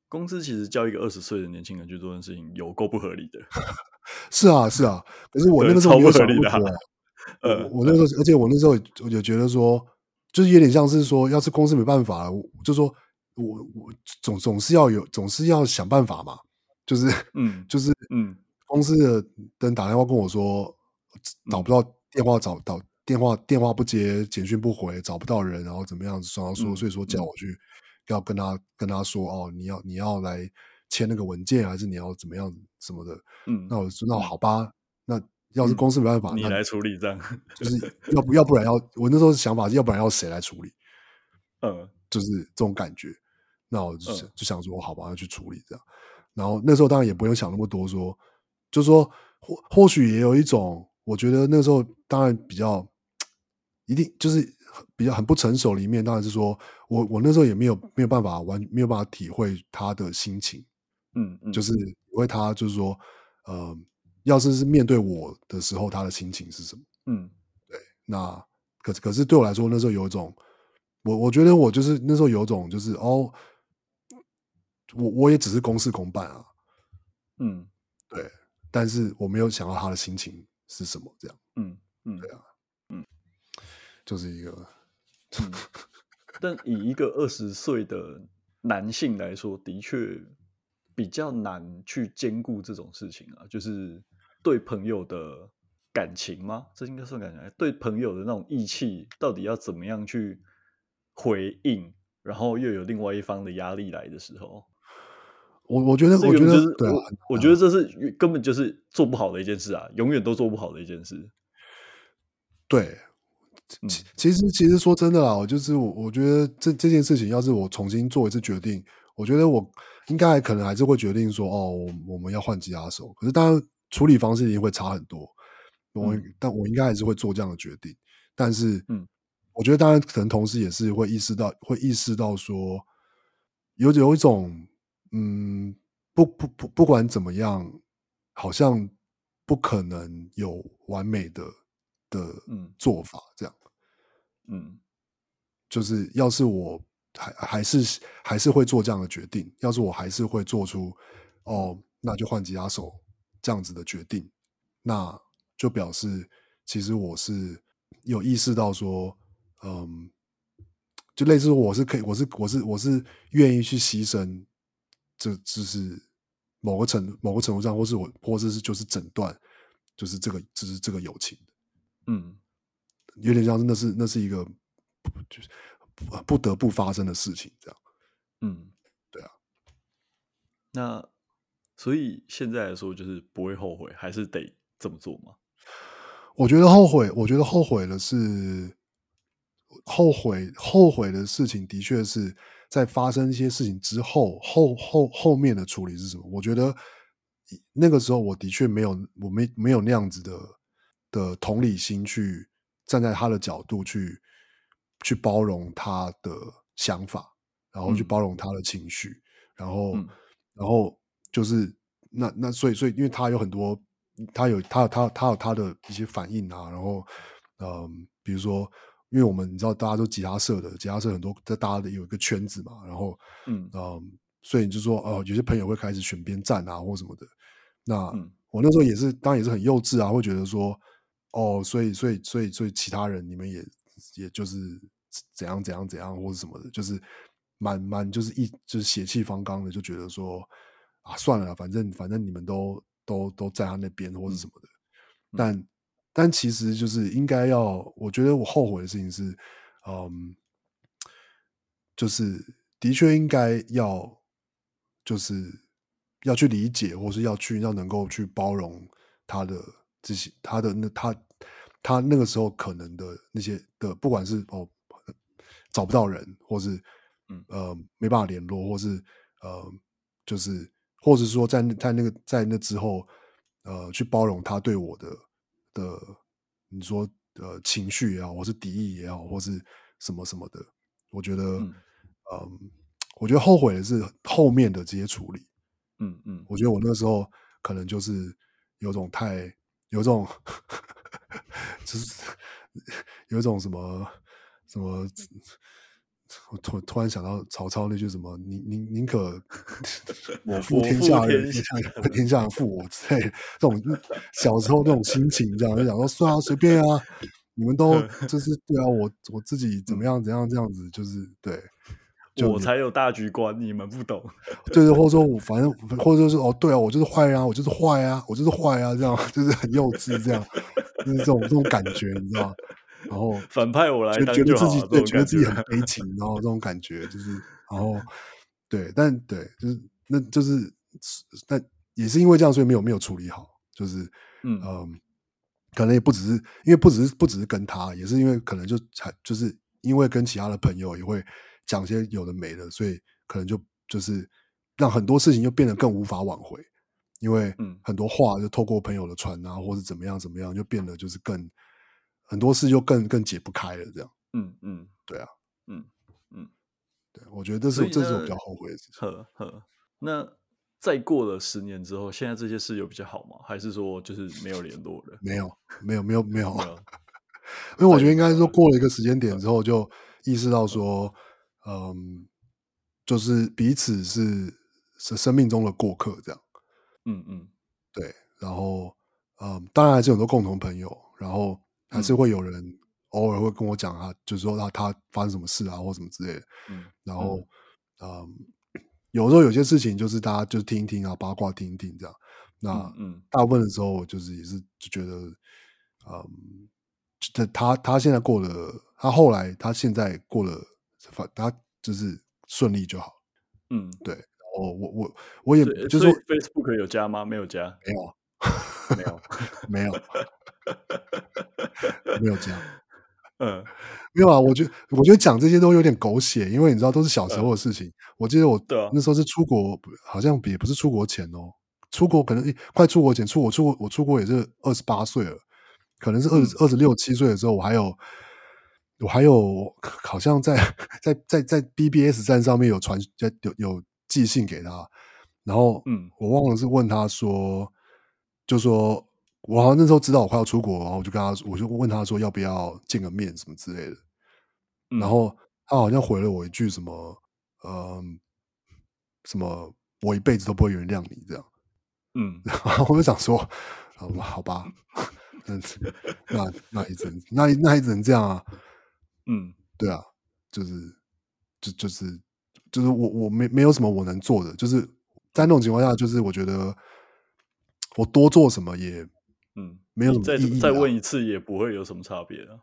公司其實叫一個二十歲的年輕人去做的事情，有夠不合理的。 是啊，是啊。可是我那個時候想不起來超不合理的、啊、呃我，我那時候，呃、而且我那時候就覺得說。就是有點像是說，要是公司沒辦法了，我就說我我總總是要有，總是要想辦法嘛。就是、嗯嗯、就是公司的人打電話跟我說找不到電話，找不到電話電話不接，簡訊不回，找不到人，然後怎麼樣說？然後說，所以說叫我去、嗯嗯、要跟他跟他說哦，你要你要來簽那個文件，還是你要怎麼樣什麼的？嗯那，那我說那好吧。要是公司沒辦法，嗯、你，你來處理這樣， 就是要不要不然要我那時候的想法，要不然要誰來處理？嗯，就是這種感覺。那我就、嗯、就想說，好吧，那去處理這樣。然後那時候當然也不用想那麼多，說就是說，說或或許也有一種，我覺得那時候當然比較一定就是比較很不成熟的一面，裡面當然是說，我我那時候也沒有沒有辦法完全沒有辦法體會他的心情。嗯嗯，嗯就是因為他就是說，嗯、呃。要是是面對我的時候，他的心情是什麼？嗯，對。那可是可是對我來說，那時候有一種，我我覺得我就是那時候有一種，就是哦，我我也只是公事公辦啊。嗯，對。但是我沒有想到他的心情是什麼這樣。嗯嗯，嗯對啊，嗯，就是一個。嗯。 但以一個二十歲的男性來說，的確比較難去兼顧這種事情啊，就是。對朋友的感情嗎？這應該算感情。對朋友的那種義氣，到底要怎麼樣去回應？然後又有另外一方的壓力來的時候，我，我覺得我覺得我覺得這是根本就是做不好的一件事啊，永遠都做不好的一件事。對，其實其實說真的啦，我就是我覺得這，這件事情，要是我重新做一次決定，我覺得我應該還可能還是會決定說，哦，我，我們要換吉他手。可是當然。處理方式也會差很多，我、嗯、但我應該還是會做這樣的決定，嗯、但是，嗯，我覺得當然可能同時也是會意識到，會意識到說有有一種，嗯，不不不，不管怎麼樣，好像不可能有完美的的做法，這樣，嗯，就是要是我還還是還是會做這樣的決定，要是我還是會做出哦，那就換吉他手。這樣子的決定，那就表示其實我是有意識到說，嗯，就類似我是可以，我是我是我是願意去犧牲這，這、就、只是某個程，某個程度上，或是我，或者是就是診斷，就是這個，就是這個友情，嗯，有點像是那是那是一個，就是不，不得不發生的事情，這樣，嗯，對啊，那。所以現在來說，就是不會後悔，還是得這麼做嗎？我覺得後悔，我覺得後悔的是後悔。後悔的事情的確是在發生一些事情之後，後後後面的處理是什麼？我覺得那個時候，我的確沒有，我沒沒有那樣子的的同理心，去站在他的角度去去包容他的想法，然後去包容他的情緒，嗯、然後，嗯、然後。就是那那所以所以，因為他有很多，他有他他他有他的一些反應啊，然後，嗯、呃，比如說，因為我們你知道大家都吉他社的，吉他社很多在大家的有一個圈子嘛，然後，嗯、呃、所以你就說，哦、呃，有些朋友會開始選邊站啊或什麼的，那、嗯、我那時候也是，當然也是很幼稚啊，會覺得說，哦，所以所以所以所以其他人你們也也就是怎樣怎樣怎樣或者什麼的，就是蠻蠻就是一就是血氣方剛的，就覺得說。啊，算了，反正反正你們都都都在他那邊，或是什麼的。嗯嗯、但但其實就是應該要，我覺得我後悔的事情是，嗯，就是的確應該要，就是要去理解，或是要去要能夠去包容他的這些，他的那他他那個時候可能的那些的，不管是哦找不到人，或是嗯、呃、沒辦法聯絡，或是嗯、呃、就是。或者說在，在那個在那之後，呃，去包容他對我的的，你說呃情緒也好，或是敵意也好，或是什麼什麼的，我覺得，嗯、呃，我覺得後悔的是後面的這些處理，嗯嗯，嗯我覺得我那時候可能就是有種太有種， 就是有一種什麼什麼。嗯我突突然想到曹操那句什麼寧寧寧可我負 天下人，天下人天下負 我之類的。這種小時候那種心情，你知道？就想說算啊，隨便啊，你們都就是對啊，我我自己怎麼樣怎樣這樣子，就是對，就我才有大局觀，你們不懂。對對，或者說我反正或者是說是哦，對啊，我就是壞啊，我就是壞啊，我就是壞啊，這樣就是很幼稚，這樣，就是這種這種感覺，你知道嗎？然後反派我來當就，覺得自己也覺，覺得自己很悲情，然後這種感覺就是，然後對，但對，就是那，就是但也是因為這樣，所以沒有沒有處理好，就是嗯，嗯可能也不只是因為不只是不只是跟他，也是因為可能就還就是因為跟其他的朋友也會講些有的沒的，所以可能就就是讓很多事情就變得更無法挽回，因為嗯很多話就透過朋友的傳達，或者怎麼樣怎麼樣，就變得就是更。很多事就更更解不開了，這樣。嗯嗯，嗯對啊，嗯嗯，嗯對，我覺得這是，這是我比較後悔的事情。呵呵，那再過了十年之後，現在這些事有比較好嗎？還是說就是沒有聯絡了？ 沒有，沒有，沒有，嗯、 沒有。 因為我覺得應該說過了一個時間點之後，就意識到說，嗯，嗯，嗯，就是彼此是是生命中的過客，這樣。嗯嗯，嗯對。然後，嗯，當然還是很多共同朋友，然後。還是會有人偶爾會跟我講啊，就是說他他發生什麼事啊，或什麼之類的。嗯、然後，嗯，嗯，有時候有些事情就是大家就聽一聽啊，八卦聽一聽這樣。那嗯，大部分的時候就是也是就覺得，嗯，他他現在過了，他後來他現在過了，反他就是順利就好。嗯，對。然後我我我我也對就是 Facebook 有加嗎？沒有加，沒有， 沒有，沒有。 沒有這樣，嗯，沒有啊。我覺得我覺得講這些都有點狗血，因為你知道都是小時候的事情。嗯、我記得我那時候是出國，好像也不是出國前哦，出國可能，欸、快出國前，出我出國我出國也是二十八歲了，可能是二二十六七歲的時候我，我還有我還有好像在在在在 BBS 站上面有傳有有寄信給他，然後嗯，我忘了是問他說，就說。我好像那時候知道我快要出國，然後我就跟他，我就問他說要不要見個面什麼之類的。嗯、然後他好像回了我一句什麼，嗯、呃，什麼我一輩子都不會原諒你這樣。嗯，然後我就想說，好吧，好吧 那那那一陣，那那也只能這樣啊。嗯，對啊，就是，就就是，就是我我沒沒有什麼我能做的，就是在那種情況下，就是我覺得我多做什麼也。嗯，沒有什麼意義啊。再，再問一次也不會有什麼差別啊。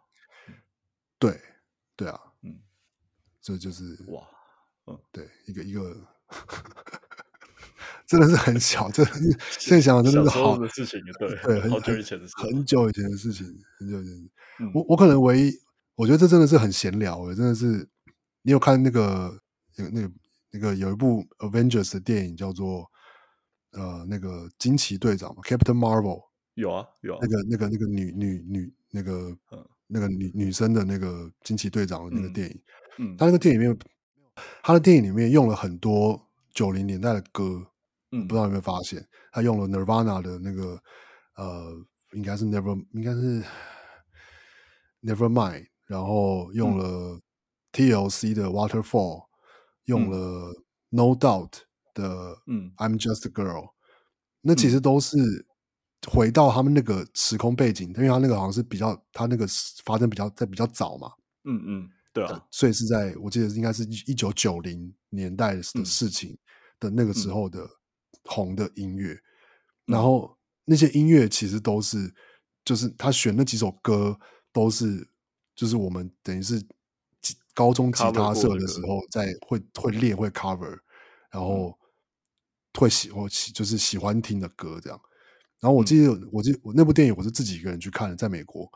對，對啊，嗯，這就，就是哇，嗯，對，一個一個 真的是很小，這現在想想真的是好的事情，對，對對，很久以前的事情，很久以前的事情，很久以前。我我可能唯一，我覺得這真的是很閒聊，真的是。你有看那個有那個那個有一部 Avengers 的電影叫做，呃、那個驚奇隊長 Captain Marvel？有啊有啊，啊、那個。那個那個那個女女女那個、嗯、那個女女生的那個驚奇隊長的那個電影，嗯嗯、他那個電影裡面，他的電影裡面用了很多九零年代的歌，嗯、不知道有沒有發現，他用了 Nirvana 的那個呃，應該是 Never 應該是 Nevermind，然後用了 TLC 的 Waterfall，、嗯、用了 No Doubt 的嗯 I'm Just a Girl，、嗯、那其實都是。回到他們那個時空背景，因為他那個好像是比較，他那個發生比較在比較早嘛，嗯嗯，對啊，呃、所以是在我記得應該是一九九零年代的事情、嗯、的那個時候的紅的音樂，嗯、然後那些音樂其實都是就是他選那幾首歌都是就是我們等於是高中吉他社的時候在會、嗯嗯、會練會 cover，然後會喜歡喜就是喜歡聽的歌這樣。然後我記得，我記得我那部電影，我是自己一個人去看的，在美國。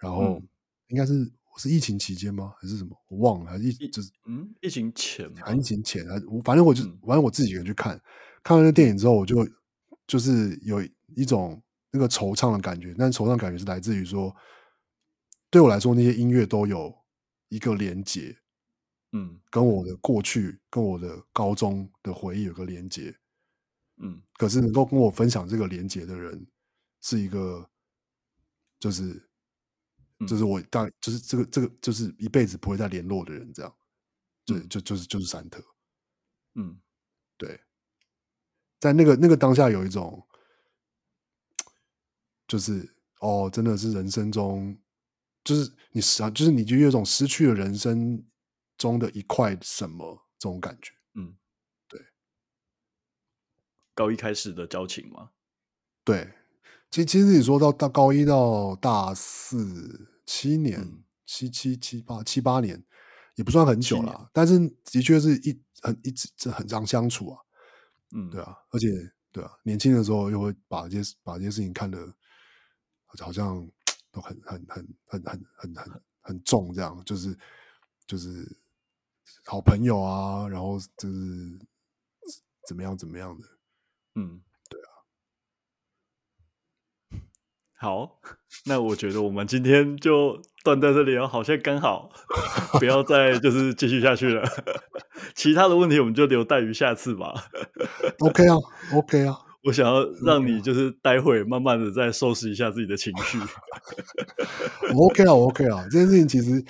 然後應該是、嗯、是疫情期間嗎，還是什麼？我忘了，還是一直、就是、嗯，疫情前，還疫情前，反正我就、嗯、反正我自己一個人去看，看完那電影之後，我就就是有一種那個惆悵的感覺。但是惆悵的感覺是來自於說，對我來說，那些音樂都有一個連接，嗯，跟我的過去，跟我的高中的回憶有個連接。嗯，可是能夠跟我分享這個連結的人，是一個，就是，就是我當，嗯、就是這個這個，就是一輩子不會再聯絡的人，這樣，就是嗯、就就是就是三特，嗯，對，在那個那個當下有一種，就是哦，真的是人生中，就是你實際上，就是你就有一種失去了人生中的一塊什麼這種感覺，嗯。高一開始的交情嗎？對，其實其實你說到到高一到大四七年，嗯、七七七八七八年也不算很久了，啊，年但是的確是一很一直很常相處啊，嗯，對啊，而且對啊，年輕的時候又會把一些把一些事情看得好像都很很很很很很很很重，這樣就是就是好朋友啊，然後就是怎麼樣怎麼樣的。嗯，對啊。好，那我覺得我們今天就斷在這裡哦，好像剛好，不要再就是繼續下去了。其他的問題我們就留待於下次吧。OK 啊，OK 啊。Okay 啊，okay 啊。我想要讓你就是待會慢慢的再收拾一下自己的情緒。我 OK 啊，我 OK 啊。這件事情其實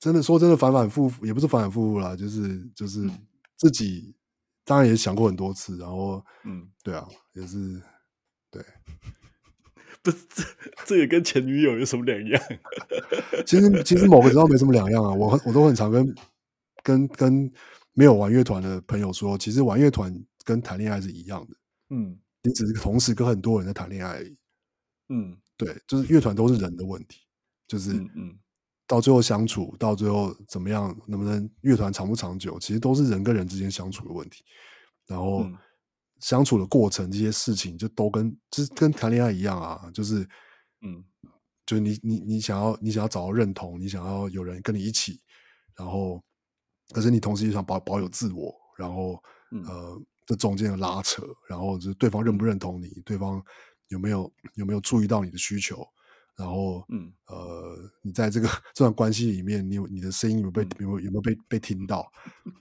真的說真的反反复复，也不是反反复覆啦，就是就是自己。當然也想過很多次，然後，嗯，對啊，也是，對。不是，這這也跟前女友有什麼兩樣？ 其實其實某個時候沒什麼兩樣啊。 我我都很常跟跟跟沒有玩樂團的朋友說，其實玩樂團跟談戀愛是一樣的。嗯，你只是同時跟很多人在談戀愛而已。嗯，對，就是樂團都是人的問題，就是嗯。嗯到最後相處，到最後怎麼樣，能不能樂團長不長久，其實都是人跟人之間相處的問題。然後相處的過程，嗯、這些事情就都跟就是跟談戀愛一樣啊，就是嗯，就你你你想要你想要找到認同，你想要有人跟你一起，然後可是你同時又想保保有自我，然後呃，這中間的拉扯，然後就是對方認不認同你，對方有沒有有沒有注意到你的需求。然後，嗯，呃，你在這個這段關係裡面，你有你的聲音有被、嗯、有沒有，有沒有被被聽到？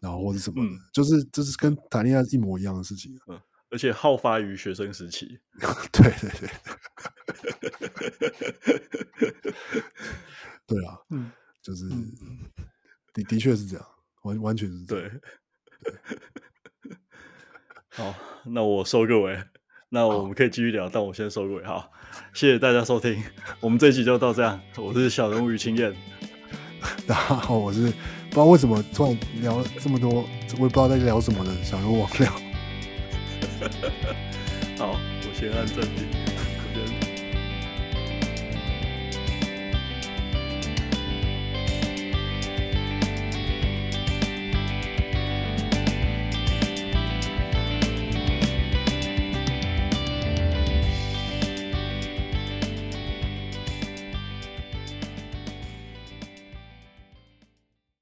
然後或者什麼的，嗯、就是就是跟談戀愛一模一樣的事情、啊，嗯，而且好發於學生時期， 對對對， 對啊，嗯、就是、嗯、的的確是這樣，完完全是這樣，對對好，那我收個尾。那我們可以繼續聊，好但我先收尾好，謝謝大家收聽，我們這一集就到這樣。我是小人物於清燕，然後我是不知道為什麼突然聊這麼多，我也不知道在聊什麼的，小人物網聊。 好，我先按暫停。